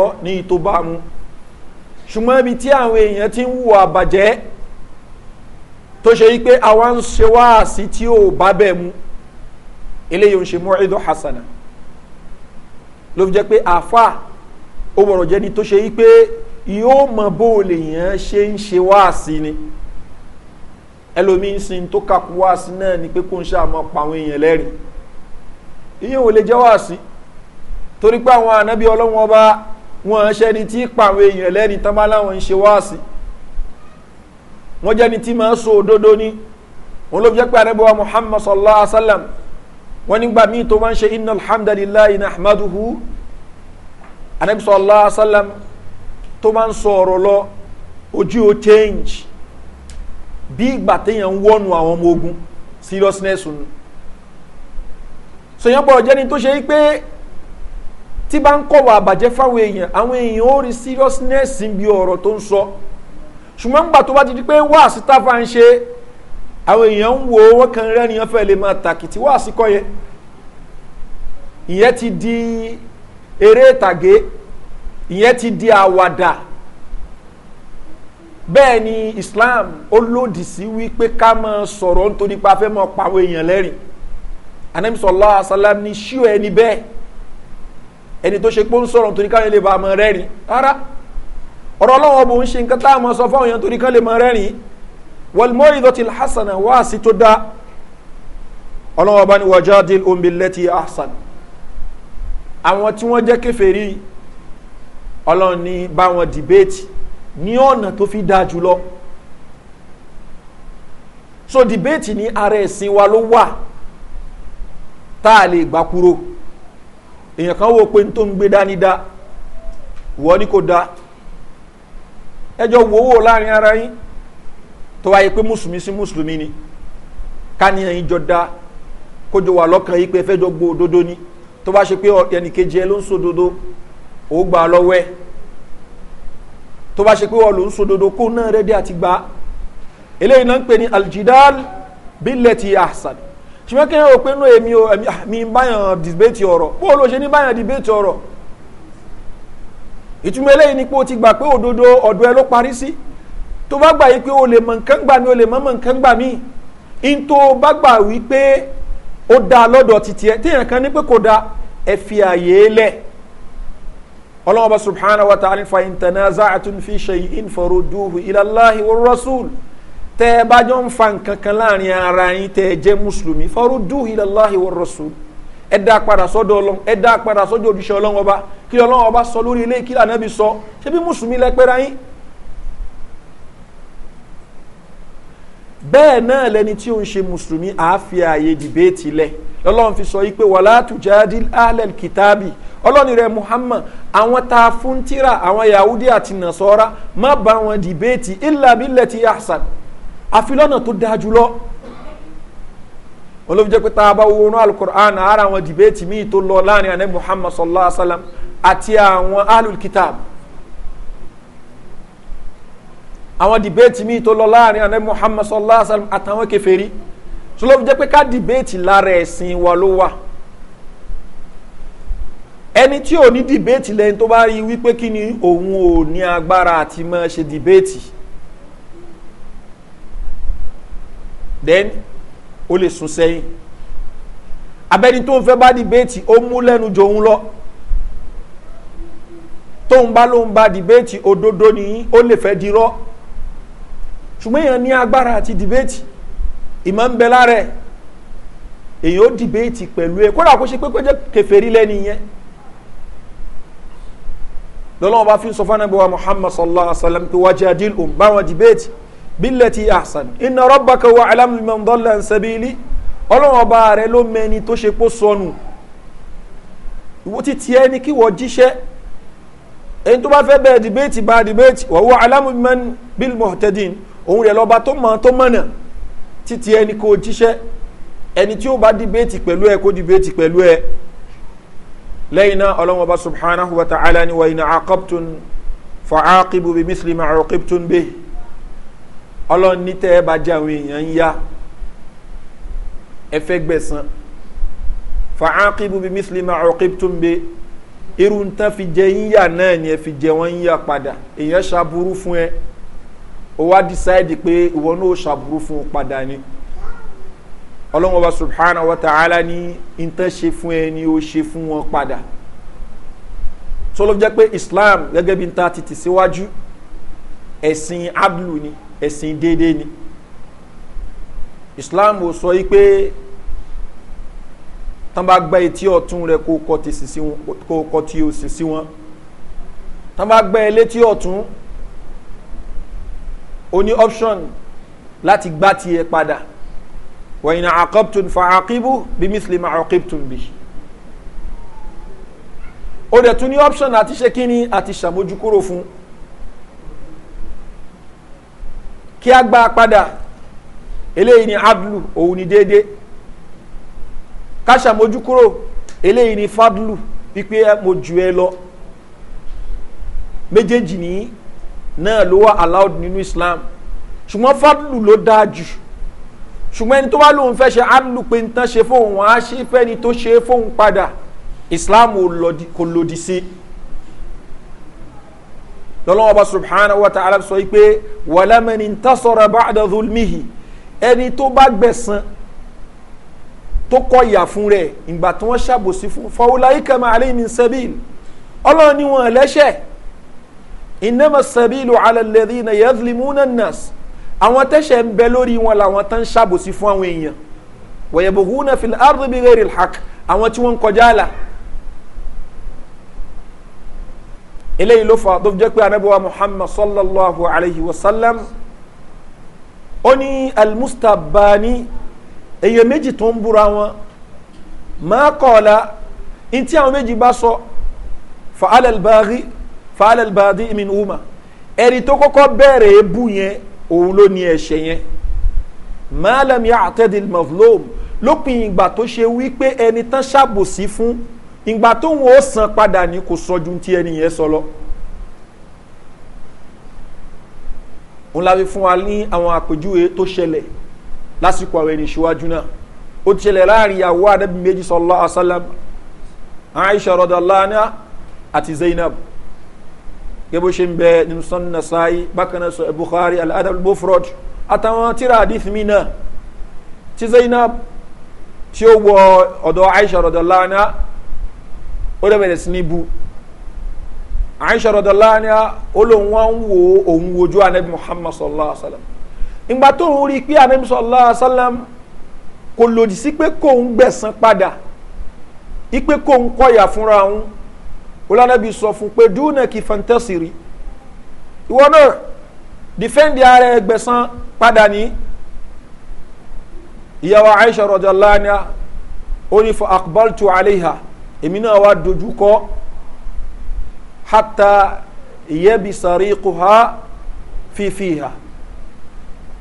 tó mu ṣùgbọ́n ibi tí ti ń wúwo àbàjẹ́ tó ṣe yí pé àwa ń ṣe wáàsí tí ò bá mu. eléyìí ń ṣe mọ́ẹ́dọ́ hasana ló fi jẹ́ pé àfa ó wọ̀rọ̀ jẹ́ ni tó ṣe yí pé yóò mọ bó o lè yàn ṣe ń ṣe wáàsí ni ẹlòmíín sin tó kàkú wáàsí náà ni pé kó ń ṣàmọ́ pa àwọn èèyàn lẹ́rìn ìyẹn ò lè jẹ́ wáàsí torí pé àwọn ànábí ọlọ́wọ́n bá wọn ṣẹ́ni tí pa àwọn èèyàn lẹ́ni tán bá láwọn ń ṣe wáàsí wọ́n jẹ́ni tí máa ń so òdodo ni wọn ló fi jẹ́ pé ànábí wa sallallahu alaihi wa sallam wọ́n nígbà míì tó máa ń ṣe iná alhamdulilayi na ahmaduhu anabisọ allah asalam tó máa ń sọ ọ̀rọ̀ lọ ojú o change bí ìgbà téèyàn ń wọ́nu àwọn ọmọ ogun seriousness nù sèyàn gbọ́dọ̀ jẹ́ni tó ṣe pé tí bá ń kọ̀wọ̀ àbàjẹ́ fáwọn èèyàn àwọn èèyàn ó rí seriousness bí ọ̀rọ̀ tó ń sọ ṣùgbọ́n gbà tó bá ti di pé wá sí ń ṣe àwọn èèyàn ń wo wọ́n kàn rẹ́ni wọ́n lè máa tàkìtì wá àsìkò yẹn ìyẹn ti di eré ìtàgé ìyẹn ti di àwàdà bẹ́ẹ̀ ni islam ó lòdì sí wípé ká máa sọ̀rọ̀ nítorí pé a fẹ́ máa pa àwọn èèyàn lẹ́rìn anamisọ̀lá asálám ní ṣíò ẹni bẹ́ẹ̀ ẹni tó ṣe pé ó ń sọ̀rọ̀ nítorí káwọn lè ba àmọ́ rẹ́rìn rárá ọ̀rọ̀ ọlọ́wọ́ bò ń ṣe nǹkan tá a sọ fáwọn èèyàn nítorí káwọn lè máa rẹ́rìn wọlmọ́ ìdọ̀tí hasana wá sí tó dá ọlọ́wọ́ bá ní wàjá díl ombilẹ́tì um hasan àwọn tí wọ́n jẹ́ kẹfẹ́rí ọlọ́run ní bá wọn dìbéètì ní ọ̀nà tó fi dáa jùlọ so dìbéètì ní ara ẹ̀sìn wa ló wà tá a lè gbà kúrò èèyàn kan wo pé n tó ń gbé dání dá wọ́n ní kò dá ẹjọ́ wo wò láàrin ara yín tó wáyé pé mùsùlùmí sí mùsùlùmí ni káníyàn yín jọ da kójọ wà lọ́kàn yìí pé fẹ́jọ́ gbó òdodo ni tó bá ṣe pé ẹnìkejì ẹ ló ń sòdodo ó gbà lọ́wọ́ ẹ tó bá ṣe pé ọ ló ń sòdodo kó náà rẹ́dí àti gbà eléyìí náà ń pè ní aljidal bílẹ̀ ti ahsan ṣùgbọ́n kí wọ́n pé nú èmi ò mi báyàn dìbẹ́tì ọ̀rọ̀ bó o ló ṣe ní báyàn dìbẹ́tì ọ̀rọ̀ ìtumọ̀ eléyìí ni pé o ti gbà pé òdodo ọ̀dọ̀ ẹ ló parí sí. Si tó bá gbà yìí pé o lè mọ nǹkan gbà mí o lè mọ mọ nǹkan gbà mí n tó bá gbà wí pé ó da lọ́dọ̀ títí ẹ téèyàn kan ní pé kò da ẹ fi àyè lẹ̀ ọlọ́mọba subhanahu wa ta'ala fa intana zaatun fi shay'in faruduhu ilallahi wa rasul tẹ́ ẹ bá jọ ń fa nǹkan kan láàrin ara yín tẹ́ ẹ jẹ́ mùsùlùmí faruduhu ilallahi wa rasul ẹ dá padà sọ́dọ̀ ọlọ́run ẹ dá padà sọ́dọ̀ òjíṣẹ́ ọlọ́run kí ọlọ́run sọ lórí ilé kí lànà bí sọ ṣé bí mùsùlùmí lẹ́pẹ́ra yín bẹ́ẹ̀ náà lẹni tí ó ń ṣe mùsùlùmí àáfi ààyè dìbéètì lẹ̀ lọ́lọ́run fi sọ yí pé wàhálà àtújáde alẹ́ kìtàbì ọlọ́ni rẹ̀ muhammad àwọn tá a fún tíra àwọn yahudi àti nasọ́ra má bá wọn dìbéètì ilà bílẹ̀ ti yàtsàn àfi lọ́nà tó dáa jùlọ wọn ló fi jẹ́ pé tá wọnú alukur'an ara àwọn dìbéètì míì tó lọ láàrin anabi muhammad sallallahu alayhi wa sallam àti àwọn alul kìtàbì àwọn dìbéètì mi tó lọ láàrin àná muhammad sallallahu alayhi wa sallam àtàwọn kẹfẹ́rí tó ló fi jẹ́ pé ká dìbéètì lára ẹ̀sìn wa ló wà ẹni tí ò ní dìbéètì lẹ́yìn tó bá rí wípé kí ni òun ò ní agbára àti máa ṣe dìbéètì then ó lè sùn sẹ́yìn abẹ́ni tó ń fẹ́ bá dìbéètì ó mú lẹ́nu jọ òun lọ tóun bá lóun bá dìbéètì òdodo nìyí ó lè fẹ́ dirọ́ ṣùgbọ́n èèyàn ní agbára àti dìbéètì ìmọ̀ ń bẹ lára ẹ̀ èèyàn ó dìbéètì pẹ̀lú ẹ̀ kódà kó ṣe pé pé jẹ́ kẹfẹ́rí lẹ́ni yẹn lọ́lọ́wọ́n bá fi ń sọ fún anábíwá muhammad sallallahu alaihi wa sallam pé wájú adil òun báwọn dìbéètì bílẹ̀ ti àṣàn iná rọ́bàkà wà alámùmọ̀ndọ́là ń sẹ́bílì ọlọ́wọ́n bá rẹ ló mẹni tó ṣe pó sọnù èyí tó bá fẹ́ bẹ́ẹ̀ dìbéètì bá dìbéètì wà wọ́n alámùmọ̀n bíl mọ̀tẹ́dín òun rẹ̀ lọ́ba tó mọ̀ tó mọ̀nà títí ẹni kò jíṣẹ́ ẹni tí ó bá dìbẹ́ẹ̀tì pẹ̀lú ẹ kó dìbẹ́ẹ̀tì pẹ̀lú ẹ lẹ́yìn náà ọlọ́wọ́n bá subhanahu wa ta'ala ni wàyí na akọ́ptun fa ákìbù bí mísìlì máa rọ̀kìptun bẹ́ẹ̀ ọlọ́run ní tẹ́ ẹ bá jẹ́ àwọn èèyàn yá ẹ fẹ́ gbẹ̀sán fa ákìbù bí mísìlì máa bẹ́ẹ̀ irun tán fi jẹ́ yíyà náà ni ẹ fi jẹ́ wọ́n yíyà padà èèyàn ṣàbúrú fún ẹ ó wá dísáìdì pé ìwọ náà ṣàbúrú fún un padà ni ọlọ́wọ́n wa subhanahu wa ta'ala ní ìtàn ṣe fún ẹ ni ó ṣe fún wọn padà tó pé islam gẹ́gẹ́ bí n ta ti ẹ̀sìn ablu ni ẹ̀sìn déédéé ni islam ò sọ yí pé tán gbẹ́ etí ọ̀tún rẹ kó kọ́ ti òsì sí wọn tán bá gbẹ́ elétí ọ̀tún o option láti gbá tiẹ̀ padà wọ̀nyí na àkọ́ptùn fa àkíbù bí mísìlìmà àkọ́ptùn bì ó dẹ̀ tún ní option àti ṣe kíni àti ṣàmójúkúrò fún kí a gbá padà eléyìí ni adlu òun ni déédéé ká ṣàmójúkúrò eléyìí ni fadlu pípé mo ju ẹ lọ méjèèjì nìyí náà ló wà allowed nínú islam ṣùgbọ́n fadlu ló dáa jù ṣùgbọ́n ẹni tó bá lóun fẹ́ ṣe adlu pé nǹkan ṣe fóun wọn á ṣe fẹ́ni tó ṣe fóun padà islam kò lòdì sí i lọ́lọ́wọ́ bá subhanahu wa ta'ala sọ pé wàlámẹ́ni ń tásọ̀rọ̀ báàdà zulmihi ẹni tó bá gbẹ̀sán tó kọ ìyà fún rẹ̀ ìgbà tí wọ́n ṣàbòsí fún fọwọ́láyíkà máa lè mi sẹ́bìl ọlọ́run ni wọ́n lẹ́ṣẹ̀ẹ́ ìnáma sẹ́bílù alẹ́lẹ́dí iná yẹ́dìlímúnà nọ́ọ̀sì àwọn tẹ́sẹ̀ ń bẹ lórí wọn làwọn tán ṣàbòsí fún àwọn èèyàn wọ̀yẹ̀bùhúnà fìlà àrùbíyẹ̀rì hàk àwọn tí wọ́n ń kọjá àlà eléyìí ló fà tó fi jẹ́ pé anabiwa muhammad sallallahu alayhi wa sallam ó ní almustabani èèyàn méjì tó ń búra wọn máa kọ́ ọ̀la ntí àwọn méjì bá sọ fa alẹ́ bá falal baadi imin uma ẹni tó kọ́kọ́ bẹ̀rẹ̀ ebu yẹn òun ló ní ẹ̀ṣẹ̀ yẹn malam ya atẹ́dil mavlom lópin ìgbà tó ṣe wípé ẹni tán ṣàbòsí fún ìgbà tóun ó san padà ní kò sọ ju ti ẹni yẹn sọ lọ. òun la fi fún wa ní àwọn àpèjúwe tó ṣẹlẹ̀ lásìkò àwọn ẹni ìṣíwájú náà ó ti ṣẹlẹ̀ láàrin ìyàwó adébí sọlá asálàm aisha rọdàlá àti zainab gẹ́gẹ́ bó ṣe ń bẹ nínú sọ́n nasaayi bákan náà buhari al-adab al-mufrod àtàwọn tíra hadith mi náà tí zainab tí ó wọ ọ̀dọ̀ aisha rọ̀dọ̀láná ó dẹ̀ bẹ̀rẹ̀ sí ní bu aisha rọ̀dọ̀láná ó lóun wá ń wo òun wojú anabi muhammad sallallahu alaihi wa sallam ìgbà tó ń rí i pé anabi sallallahu alaihi wa sallam kò lòdì sí pé kóun gbẹ̀sán padà ipe kóun kọ̀yà fúnra òun olùwànàbí sọ fún pé dúnà kì fantasiri ìwọ náà dìfẹ́ǹdì ara ẹgbẹ̀sán padà ní ìyàwó aisha rọjò lánàá ó ní fún akbaltu aleha èmi náà wá dojú kọ́ hata ìyẹ́bi sàríkù ha fífi ha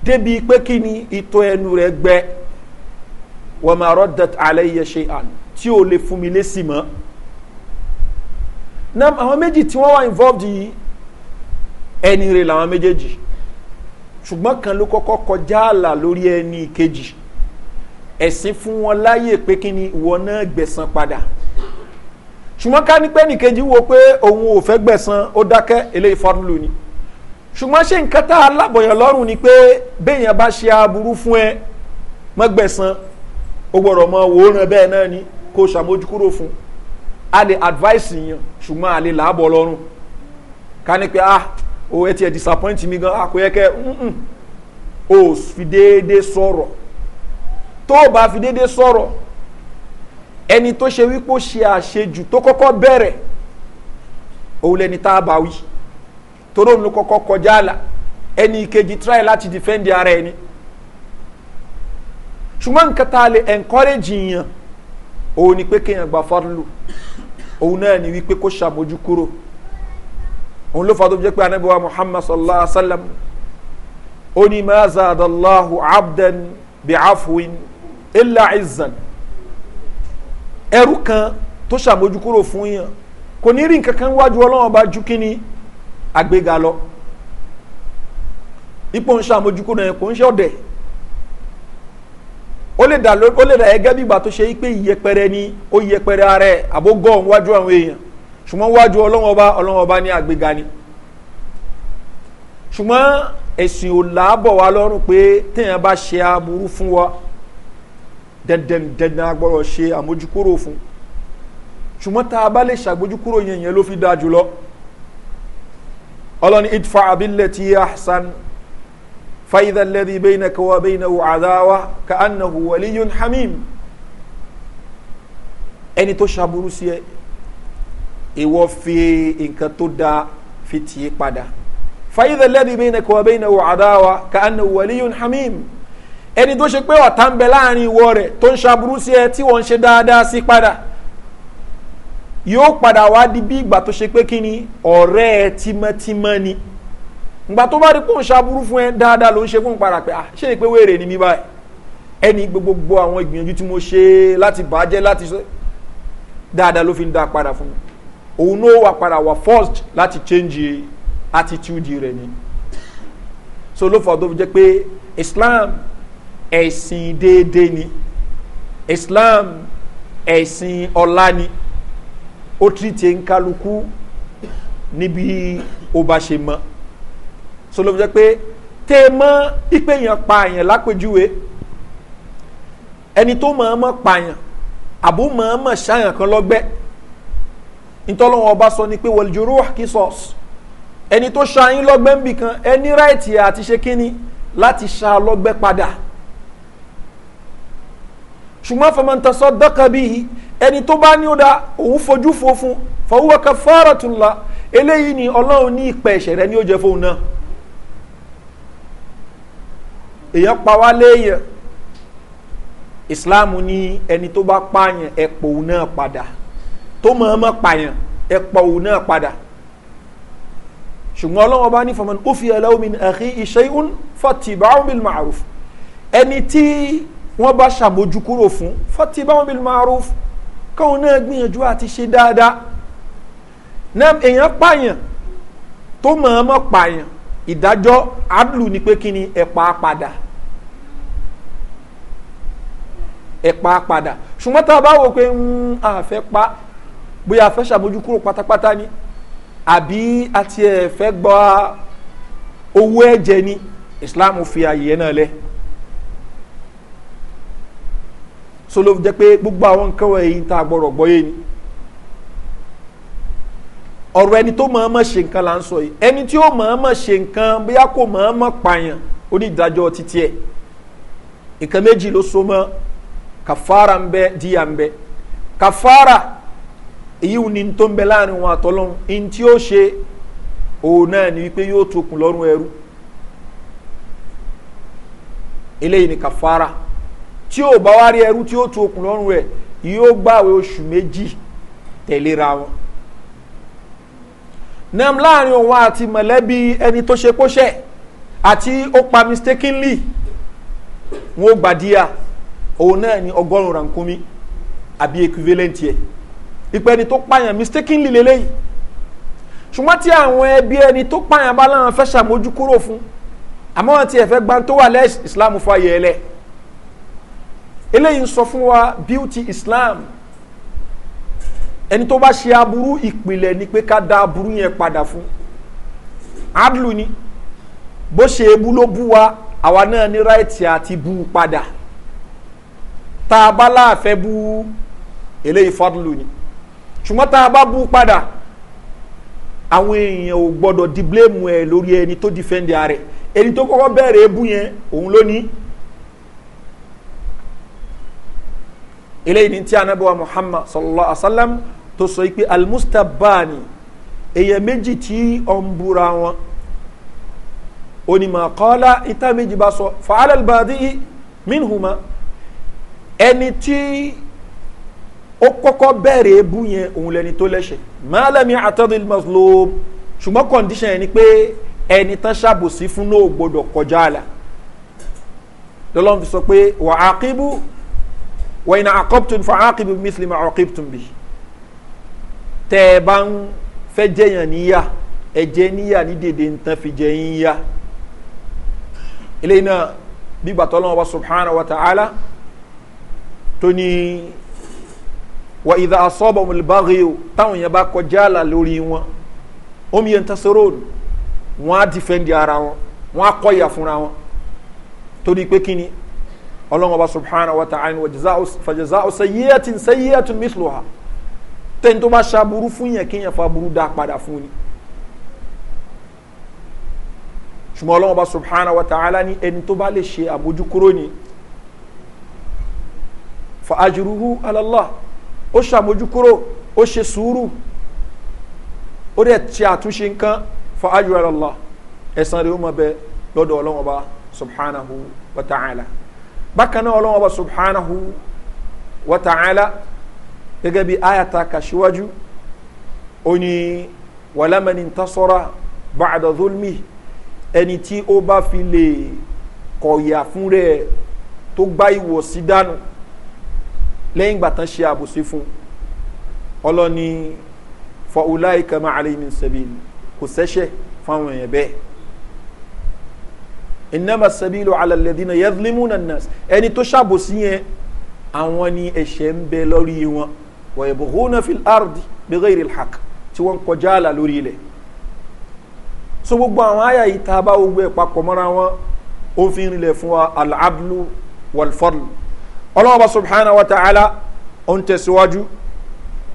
débi pé kí ni ìtọ́ ẹnu rẹ̀ gbẹ wọ́n máa rọ́dọ̀t alẹ́ ṣe àn tí ò lè fún mi lé sí mọ́ nam àwọn méjì tí wọ́n wá involved yìí ẹni rè làwọn méjèèjì ṣùgbọ́n kan ló kọ́kọ́ kọjá àlà lórí ẹni kejì ẹ̀sìn fún wọn láyè pé kí ni ìwọ náà gbẹ̀sán padà ṣùgbọ́n ká ní pé nìkejì wo pé òun ò fẹ́ gbẹ̀sán ó dákẹ́ eléyìí fọ́dúnlù ni ṣùgbọ́n ṣé nǹkan tá a lábọ̀yàn lọ́rùn ni pé béèyàn bá ṣe aburú fún ẹ mọ́gbẹ̀sán ó gbọ́dọ̀ mọ òórùn bẹ́ẹ̀ náà ni kó ṣàmójúkúrò fún un a lè advice yẹn ṣùgbọ́n a lè làábọ̀ lọ́rùn ká ní pé ah o ẹ tiẹ̀ disappoint mi gan ah, kò yẹ kẹ́ o fi déédéé sọ̀rọ̀ tó o bá fi déédéé sọ̀rọ̀ ẹni tó ṣe wípé ó ṣe àṣejù tó kọ́kọ́ bẹ̀rẹ̀ òun lẹni tá a bá wí torí òun ló kọ́kọ́ kọjá àlà ẹni ìkejì try láti defend ara ẹni ṣùgbọ́n nǹkan tá a lè encourage yàn òun ni pé kéèyàn gba fárúlù òun náà ni wípé kó ṣàmójú kúrò òun ló fà tó jẹ́ pé anábíwá muhammad sallallahu alaihi wa sallam ó ní máa zàdàláhu abdan bi afuwin illa izan ẹrú kan tó ṣàmójú kúrò fún yàn kò ní rí nǹkan kan wájú ọlọ́run bá ju kíni àgbéga lọ ipò ń ṣàmójú kúrò yẹn kò ń ṣe ọ̀dẹ̀ ó lè dà ó lè dà ẹgẹ́ bí ìgbà tó ṣe pé ìyẹpẹrẹ ni ó yẹpẹrẹ ara ẹ̀ àbógọ́ wájú àwọn èèyàn ṣùgbọ́n wájú ọlọ́wọ́n ọba ọlọ́wọ́n ọba ní àgbéga ni ṣùgbọ́n ẹ̀sìn ò láàbọ̀ wá lọ́rùn pé téèyàn bá ṣe aburú fún wa dandan dandan agbọ́rọ̀ ṣe àmójúkúrò fún ṣùgbọ́n tá a bá lè ṣàgbójúkúrò yẹn yẹn ló fi dáa jùlọ ọlọ́ni itfa abilẹ̀ ti ahsan فإذا الذي بينك وبينه عداوة كأنه ولي حميم ẹni tó ṣàbùrù sí ẹ ìwọ fi nǹkan tó da fi tì í padà fàyídà lẹ́bi bẹ́ẹ̀nà kọ́ bẹ́ẹ̀nà wò àdáwà ká ẹni wàlíyùn hamim ẹni tó ṣe pé ọ̀tá ń bẹ láàrin ìwọ rẹ̀ tó ń ṣàbùrù sí ẹ tí wọ́n ń ṣe dáadáa sí padà yóò padà wá di bí ìgbà tó ṣe pé kí ni ọ̀rẹ́ ẹ tímọ́tímọ́ ni ìgbà tó bá rí pé òun ṣaburú fún ẹ dáadáa ló ń ṣe fún ìpara pé ah, ṣé ìpè wéèrè ni mi báyìí ẹni gbogbo àwọn ìgbìyànjú tí mo ṣe láti bàjẹ́ láti ṣe dáadáa ló fi ń dá padà fún mi òun náà wà padà wà forced láti change attitude rẹ ni so ló fà tó pé islam ẹ̀sìn déédéé ni islam ẹ̀sìn ọ̀la ni ó tìrìtì e ń kálukú níbi ó bá ṣe mọ́ so ló fi jẹ́ pé tẹ́ ẹ mọ́ ipe yẹn pa àyàn lápèjúwe ẹni tó mọ̀ọ́mọ̀ pààyàn àbó mọ̀ọ́mọ̀ ṣàyàn kan lọ́gbẹ́ ntọ́lọ́wọ́n ọba sọ ni pé wọ̀lùjọ́rọ́ wà kí sọ́ọ̀sì ẹni tó ṣàyìn lọ́gbẹ́ ń bì kan ẹni ráìtì àti ṣe kínní láti ṣa lọ́gbẹ́ padà ṣùgbọ́n fọmọntàsọ dọ́kàbí ẹni tó bá ní ó da òun fojú fo fún fọwọ́ kan fọ́ọ̀rọ̀ tún la eléyìí ni ọlọ́run ní ìpẹ́ ẹ̀ṣẹ̀ rẹ ní ó jẹ fóun náà èèyàn pa wá léèyàn islam ní ẹni tó bá pààyàn ẹ̀pọ̀ òun náà padà tó mọ̀ ọ́n mọ̀ pààyàn ẹ̀pọ̀ òun náà padà ṣùgbọ́n ọlọ́wọ́n bá ní fọmọ ní òfin ẹlẹ́wọ̀n mi ní àkí iṣẹ́ ìhún fọtìbá wọn bí màrúf ẹni tí wọ́n bá ṣàbójú kúrò fún fọtìbá wọn bí màrúf káwọn náà gbìyànjú àti ṣe dáadáa náà èèyàn pààyàn tó mọ̀ ọ́n mọ̀ pààyàn ìdájọ́ adlu ni pé kí ni ẹ̀pà padà ẹ̀pà padà ṣùgbọ́n tá a bá wò pé ń hmm, àfẹ́ pa bóyá a fẹ́ ṣàmójúkúrò pátápátá ni àbí àti ẹ̀ fẹ́ gba owó ẹ̀jẹ̀ ni islam fi àyè ẹ̀ náà lẹ́ẹ̀. so ló jẹ́ pé gbogbo àwọn nǹkan wọ̀nyí tá a gbọ́dọ̀ gbọ́yé ni ọ̀rọ̀ ẹni tó mọ̀ mọ̀ ṣe nǹkan là ń sọ yìí ẹni tí ó mọ̀ mọ̀ ṣe nǹkan bóyá kò mọ̀ mọ̀ pààyàn onídàájọ́ títí ẹ̀ nǹkan méjì ló so mọ́ kàfàrà ń bẹ díyà ń bẹ kàfàrà èyí ni tó ń bẹ láàrin wọn àtọ́lọ́hún ní tí ó ṣe òun náà ni wípé yóò tokùn lọ́rùn ẹrú eléyìí ni kàfàrà tí ò bá wá rí ẹrú tí ó tokùn lọ́rùn ẹ̀ yóò gbàwé oṣù méjì tẹ̀léra wọn náà láàrin òun àti mọ̀lẹ́bí ẹni tó ṣe póṣẹ̀ àti ó pa mistakenly wọn ó gbàdíà òun náà ni ọgọ́rùn-ún rankumi àbí equivalent yẹ ìpẹ́ ẹni tó pààyàn mistakenly lélẹ́yìí ṣùgbọ́n tí àwọn ẹbí ẹni tó pààyàn bá láwọn fẹ́ ṣàmójú kúrò fún àmọ́ wọn ti ẹ̀fẹ́ gba tó wà lẹ́ islam fàyẹ̀ ẹlẹ́ eléyìí ń sọ fún wa beauty islam ẹni tó bá ṣe aburú ìpìlẹ̀ ni pé ká da aburú yẹn padà fún adlu ni bó ṣe ebu ló bú wa àwa náà ní ráìtì àti bú padà tá a bá láàfẹ́ bú eléyìí fadlu ni ṣùgbọ́n tá a bá bú padà àwọn èèyàn ò gbọ́dọ̀ di blame ẹ̀ lórí ẹni tó defend ara ẹ̀ ẹni tó kọ́kọ́ bẹ̀rẹ̀ ebú yẹn òun ló ní. eléyìí ni tí anabiwa muhammad sallallahu alaihi wa sallam tó sọ yìí pé almustabani èèyàn méjì tí ọ ń búra wọn onímọ̀ kọ́lá ìta méjì bá sọ fàálàlbàdí mínhùmá ẹni tí ó kọ́kọ́ bẹ̀rẹ̀ ebú yẹn òun lẹni tó lẹ́ṣẹ̀ mọ́lẹ́mí àtọ́dún maslo ṣùgbọ́n kọ́ndíṣàn yẹn pé ẹni tán ṣàbòsí fún náà gbọ́dọ̀ kọjá àlà lọ́lọ́run fi sọ pé wà á kíbú wà ìnà fún àkíbù mísìlìmọ̀ àkọ́pùtùn bíi tẹ́ ẹ bá ń fẹ́ jẹyàn níyà ẹ jẹ níyà ní dèdè nǹkan fi jẹ yín yá eléyìí náà bí gbàtọ́ lọ́wọ́ bá subhanahu wa ta'ala tó ní wa ìdá asọ́bọ̀ mùlùbáwí táwọn yẹn bá kọjá àlà lórí wọn omi yẹn ń tasoro wọn á dìfẹ́ǹdì ara wọn wọn á kọ́ ìyà fúnra wọn torí pé kíni ọlọ́wọ́ bá subhanahu wa ta'ala fàjẹ́zá ọ̀sẹ̀ yíyàtì sẹ́yíyàtì mísìlùwà tẹ́ni tó bá ṣaburú fún yẹn kéèyàn faburú dá padà fún ni ṣùgbọ́n ọlọ́run ọba subhanahu wa ta'ala ni ẹni tó bá lè ṣe àbójúkúrò ni fa ajuruhu alallah ó ṣàmójúkúrò ó ṣe sùúrù ó dẹ̀ ṣe àtúnṣe nǹkan fa ajuruhu alallah ẹ̀sán rẹ̀ ó mọ̀ bẹ́ẹ̀ lọ́dọ̀ ọlọ́run ọba subhanahu wa ta'ala bákan náà ọlọ́run ọba subhanahu wa ta'ala gẹ́gẹ́ bí ayata kàṣíwájú ó ní wàlámẹ́ni tasọ́ra bàdà zulmi ẹni tí ó bá fi lè kọ̀yà fún rẹ̀ tó gbá ìwọ̀sí dànù lẹ́yìn ìgbà tán ṣe àbòsí fún ọlọ́ni fọ́ọ̀lá ìkàmà àlẹ́yìn ìsẹ̀bìlì kò sẹ́ṣẹ̀ fáwọn èèyàn bẹ́ẹ̀ ìnáma sẹ́bìlì alàlẹ́dínà yẹ́dìlímù nànà ẹni tó ṣàbòsí yẹn àwọn ni ẹ̀ṣẹ̀ ń bẹ lórí wọn wọ̀nyẹ̀ bò hóná fi ardi bẹ́ẹ̀ rí hàk tí wọ́n kọjá àlà lórí ilẹ̀ so gbogbo àwọn àyà yìí tá a bá gbogbo ẹ̀ papọ̀ mọ́ra wọn ó fi ń rinlẹ̀ fún wa alablu walfọl ọlọ́wọ́ subhanahu wa ta'ala ó ń tẹ̀síwájú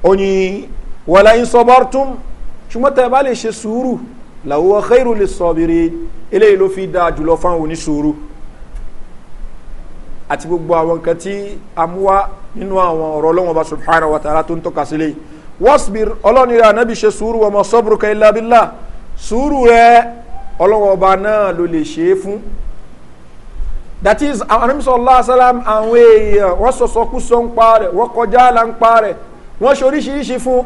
ó ní wàlá ń sọ bọ́rtún ṣùgbọ́n tẹ̀ bá lè ṣe sùúrù làwọn xeyiru lè sọ bèrè eléyìí ló fi dáa jùlọ fáwọn oníṣòro àti gbogbo àwọn nǹkan tí amúwá nínú àwọn ọ̀rọ̀ ọlọ́wọ́n bá subhanahu wa ta'ala tó ń tọ́ka sílé wasbir ọlọ́ni rẹ̀ anábì ṣe sùúrù ọmọ sọ́bùrùkà ilábílà sùúrù rẹ̀ ọlọ́wọ́n ọba náà ló lè ṣe é fún that is anamisa allah àwọn èèyàn wọ́n sọ̀sọ́ kú sọ ń pa rẹ̀ wọ́n kọjá àlà ń pa rẹ̀ wọ́n ṣe oríṣiríṣi fún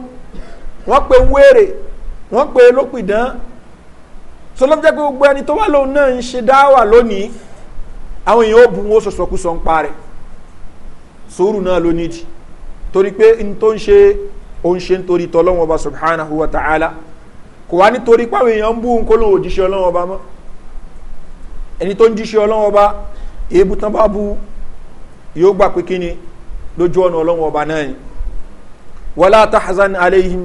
wọ́n pe wéèrè wọ́n pe lópìdán sọlọ́jẹ́ pé gbogbo ẹni tó wà lóun náà ń ṣe dáwà lónìí àwọn èèyàn ó bu wọn sọ̀sọ́ kú sọ ń pa rẹ̀ sùúrù náà ló nídìí torí pé n tó ń ṣe ó ń ṣe nítorí tọ́lọ́wọ́n ọba subhanahu wa ta'ala kò wá nítorí páwọn èèyàn ń bú ń kólóhùn òjíṣẹ́ ọlọ́wọ́n ọba mọ́ ẹni tó ń jíṣẹ́ ọlọ́wọ́n ọba èébú tán bá bu yóò gbà pé kíni lójú ọ̀nà ọlọ́wọ́n ọba náà ni wàlá tahzan aleihim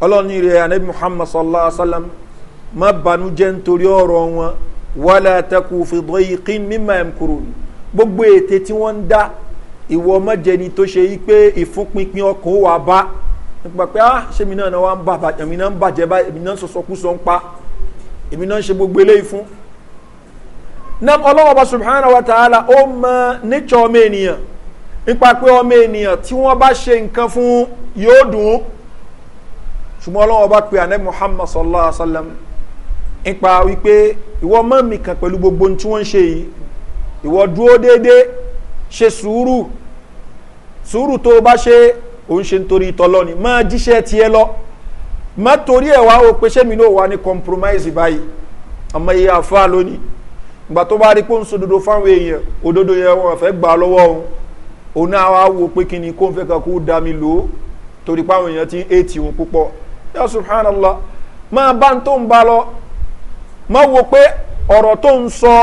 ọlọ́ni rẹ̀ anabi muhammad sallallahu alaihi wa sallam má banú jẹ́ nítorí ọ̀rọ̀ wọn wàlá takùfì dọ́yìkín mímọ̀ ẹ̀mkúrò gbogbo ète tí wọ́n ń dá ìwọ mọ́jẹni tó ṣe yí pé ìfúnpinpin ọkàn wà bá nípa pé ah ṣé mi náà náà wá ń bà bàjẹ́ mi náà ń bàjẹ́ báyìí èmi náà ń sọ̀sọ̀kú sọ ń pa èmi náà ń ṣe gbogbo eléyìí fún. nam ọlọ́wọ́ bá subhana wa ta'ala ó mọ nítsọ ọmọ ènìyàn nípa pé ọmọ ènìyàn tí wọ́n bá ṣe nǹkan fún yóò dùn ṣùgbọ́n ọlọ́wọ́ bá pe anabi muhammad sallallahu alayhi wa sallam nípa wípé ìwọ mọ́ mi kan pẹ̀lú gbogbo ohun tí wọ́n ń ṣe yìí ìwọ dúró déédéé ṣe sùúrù sùúrù tó o bá ṣe ò ń ṣe nítorí tọ́lọ́ ni máa jíṣẹ́ tiẹ lọ má torí ẹ̀ wá o pé ṣé mi náà wà ní compromise báyìí ọmọ iye àfa lónìí ìgbà tó bá rí pé ń sòdodo fáwọn èèyàn òdodo yẹn wọn fẹ́ gbà lọ́wọ́ òun òun náà wá wo pé kí ni kó ń fẹ́ kan kó mi lò ó torí pé àwọn èèyàn ti ń ètì òun púpọ̀ yà subhanallah máa bá ń tó ń ba lọ má wo pé ọ̀rọ̀ tó ń sọ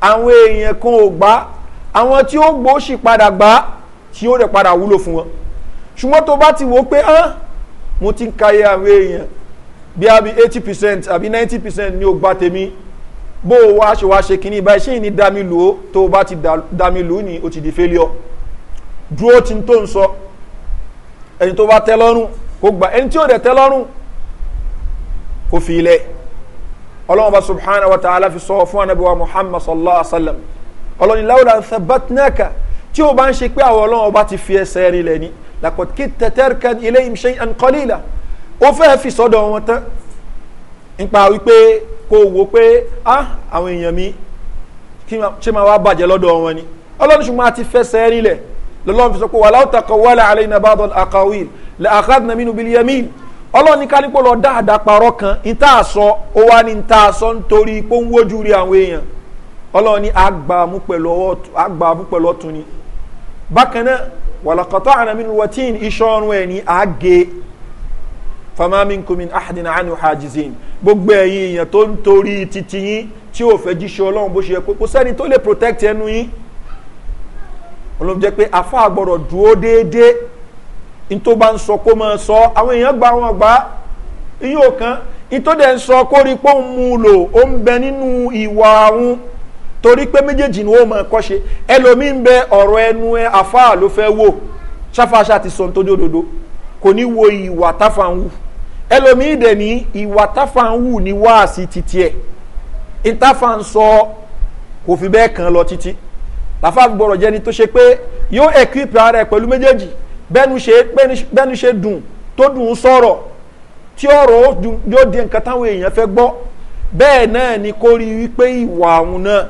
àwọn èèyàn kan ò gbá àwọn tí ó gbó sì padà gbá tí ó rẹ̀ padà wúlò fún wọn ṣùgbọ́n tó bá ti wò ó pé hàn mo ti ń kayé àwọn èèyàn bí a bí eighty percent àbí ninety percent ni ó gba tèmi bó o wá ṣe wá ṣe kínní báyìí ṣé ìní dami lù ó tó o bá ti dami lù ú ni o ti di failure dúró tí n tó ń sọ ẹni tó bá tẹ lọ́rùn kó gba ẹni tí ó dẹ̀ tẹ lọ́rùn kó fi ilẹ̀ ọlọ́run bá subhanahu wa ta'ala fi sọ fún anabi muhammad sallallahu alaihi wa sallam ọlọ́run láwùlà thabatnaka tí o bá ń ṣe pé àwọn ọlọ́run ọba ti fi ẹsẹ̀ rin lẹ̀ ni làkọ̀tí kí tẹ̀tẹ̀rì kan ilé ìmṣẹ́ ànkọ́lìlà ó fẹ́ fi sọ́dọ̀ wọn tán nípa wípé kó o wò pé ah àwọn èèyàn mi kí ṣe máa wá bàjẹ́ lọ́dọ̀ wọn ni ọlọ́run ṣùgbọ́n a ti fẹsẹ̀ rin lẹ̀ lọ́lọ́run fi sọ pé wà láwùtakọ̀ wà láàrin iná bá dọ̀lá àkàwìl àkàdùnà mínú bíi ọlọ́run ká nípò lọ dáadáa parọ́ kan níta àsọ ó wá ní níta àsọ nítorí pé ó ń wójú rí àwọn èèyàn ọlọ́run ní agbàmú pẹ̀lú ọtún ni bákan náà wàlàkọ̀tọ̀ ànàmínú wọ̀tíìn iṣẹ́ ọ̀run ẹ̀ ní àágé famaminkumin ahadina anu hajizin gbogbo ẹ̀yin èèyàn tó ń torí titi yín tí ò fẹ́ jíṣẹ́ ọlọ́run bó ṣe yẹ kó sẹ́ni tó lè protect ẹnu yín olóòjẹ pé afá gbọ́dọ̀ dúró déédéé nítorí bá ń sọ kó máa sọ àwọn èèyàn gba wọn gbá iyín ò kan nítorí dẹ̀ ń sọ kórìí pé òun mú lò ó ń bẹ nínú ìwà òun torí pé méjèèjì ni ó mọ ẹkọ ṣe ẹlòmíín bẹ ọrọ ẹnu ẹ afáà ló fẹ wò ṣáfàṣà ti sọ nítorí òdodo kò ní wo ìwà táfà ń wù ẹlòmíín dẹ ní ìwà táfà ń wù ní wáàsí títí ẹ ìtafà ń sọ kò fi bẹ́ẹ̀ kan lọ títí làfà gbọ́dọ̀ jẹ́ni tó ṣe pé yóò equip ara ẹ pẹ̀lú méjèèjì bẹ́nu ṣe dùn tó dùn ún tí ọ̀rọ̀ yóò di nǹkan táwọn èèyàn fẹ́ gbọ́ bẹ́ẹ̀ náà ni kó rí wípé ìwà àwọn náà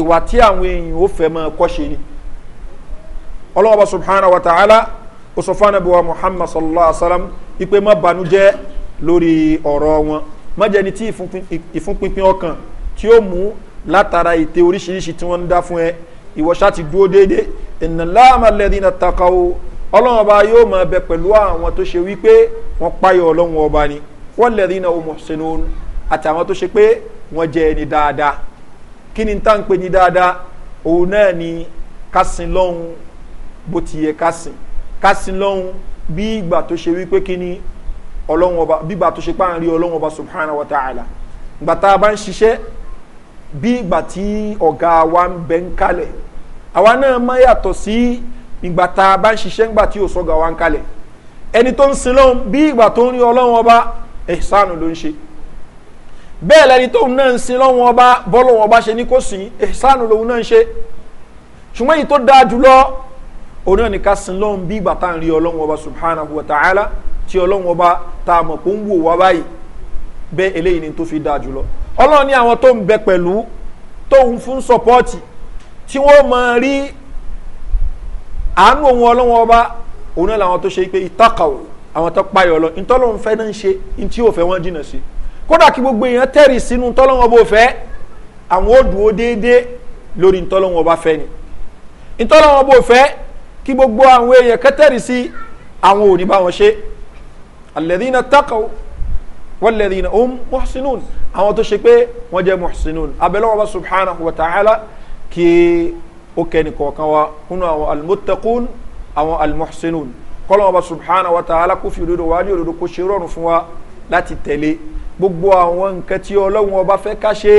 ìwà tí àwọn èèyàn ó fẹ́ máa kọ́ ṣe ni ọlọ́wọ́ba subhanahu wa ta'ala ó sọ muhammad sallallahu alaihi wasallam sallam ipe má banújẹ́ lórí ọ̀rọ̀ wọn má jẹ́ni tí ìfúnpinpin ọkàn tí ó mú látara ìte oríṣiríṣi tí wọ́n ń dá fún ẹ ìwọ́ṣá ti dúró déédé ìnàlámà lẹ́dínà takao ọlọ́run ọba yóò máa bẹ pẹ̀lú àwọn tó ṣe wípé wọ́n páyọ̀ ọlọ́run ọba ni wọ́n lẹ́dínà ọmọ sínú àtàwọn tó ṣe pé wọ́n jẹ́ ẹni dáadáa kí ni tá à ń pè ní dáadáa òun náà ni kásìn lọ́hùn bó ti yẹ kásìn kásìn lọ́hùn bí ìgbà tó ṣe wípé kí ni ọlọ́run ọba bí ìgbà tó ṣe pàrọ̀ rí ọlọ́run ọba subhanahu wa ta'ala ìgbà tá a bá ń ṣiṣẹ́ bí ìgbà tí ọ̀gá wa ń bẹ ń kalẹ̀ àwa náà má yàtọ̀ sí ìgbà tá a bá ń ṣiṣẹ́ ńgbà tí òṣọ́gà wa ń kalẹ̀ ẹni tó ń sin lọ́hùn bí ìgbà tó ń rí ọlọ́run ọba ẹ̀sánù ló ń ṣe bẹ́ẹ̀ lẹni tóun náà ń sin lọ́wọ́n ọba bọ́lọ́wọ́n ọba ṣe ní kò sìn ìsánù lòun náà ń ṣe ṣùgbọ́n èyí tó dáa jùlọ òun náà ní ká sin lọ́wọ́n bí ìgbà tá à ń rí ọlọ́wọ́n ọba subhanahu wa ta'ala tí ọlọ́wọ́n ọba tá a mọ̀ pé ń wò wá báyìí bẹ́ẹ̀ eléyìí ni tó fi dáa jùlọ ọlọ́run ní àwọn tó ń bẹ pẹ̀lú tóun fún sọpọ́ọ̀tì tí wọ́n mọ rí àánú òun ọlọ́wọ́n ọba òun náà làwọn tó ṣe pé ìtàkàwò àwọn tó payọ̀ lọ ìtọ́lọ́run fẹ́ náà ń ṣe ní tí yóò fẹ́ wọ́n jìnnà sí i kódà kí gbogbo èèyàn tẹ̀rì sínú tọ́lọ́wọ́n bó fẹ́ àwọn ó dúró déédéé lórí ntọ́lọ́wọ́n bá fẹ́ ni ntọ́lọ́wọ́n bó fẹ́ kí gbogbo àwọn èèyàn kẹtẹ̀rì sí àwọn ò ní bá wọn ṣe alẹ́dínà takọ̀ wọ́lẹ́dínà ó mọ̀sínún àwọn tó ṣe pé wọ́n jẹ́ mọ̀sínún abẹ́lẹ́wọ̀n bá subhanahu wa ta'ala kí ó kẹ́ni kọ̀ọ̀kan wa kúnnú àwọn almutakun àwọn almuhsinun kọ́lọ́wọ́n bá subhanahu wa ta'ala kó fi òdodo wa ní òdodo kó ṣe rọrùn fún wa láti tẹ̀lé gbogbo àwọn nǹkan tí ọlọ́run ọba fẹ́ ká ṣe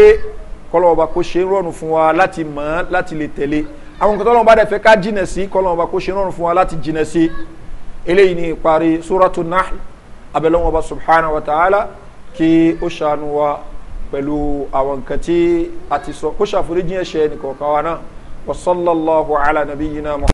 kọ́lọ́ ọba kó ṣe rọrùn fún wa láti mọ̀ ọ́ láti lè tẹ̀lé àwọn nǹkan tọ́lọ́run bá dẹ̀ fẹ́ ká jìnà sí kọ́lọ́ ọba kó ṣe rọrùn fún wa láti jìnà sí eléyìí ni ìparí sóràtú náà abẹ́lẹ́wọ̀n ọba subhanahu wa ta'ala kí ó ṣàánú wa pẹ̀lú àwọn nǹkan tí a ti sọ kó ṣàforíjì ẹ̀ṣẹ̀ nìkọ̀ọ̀kan wa náà wa sallallahu ala nabiyina muhammad.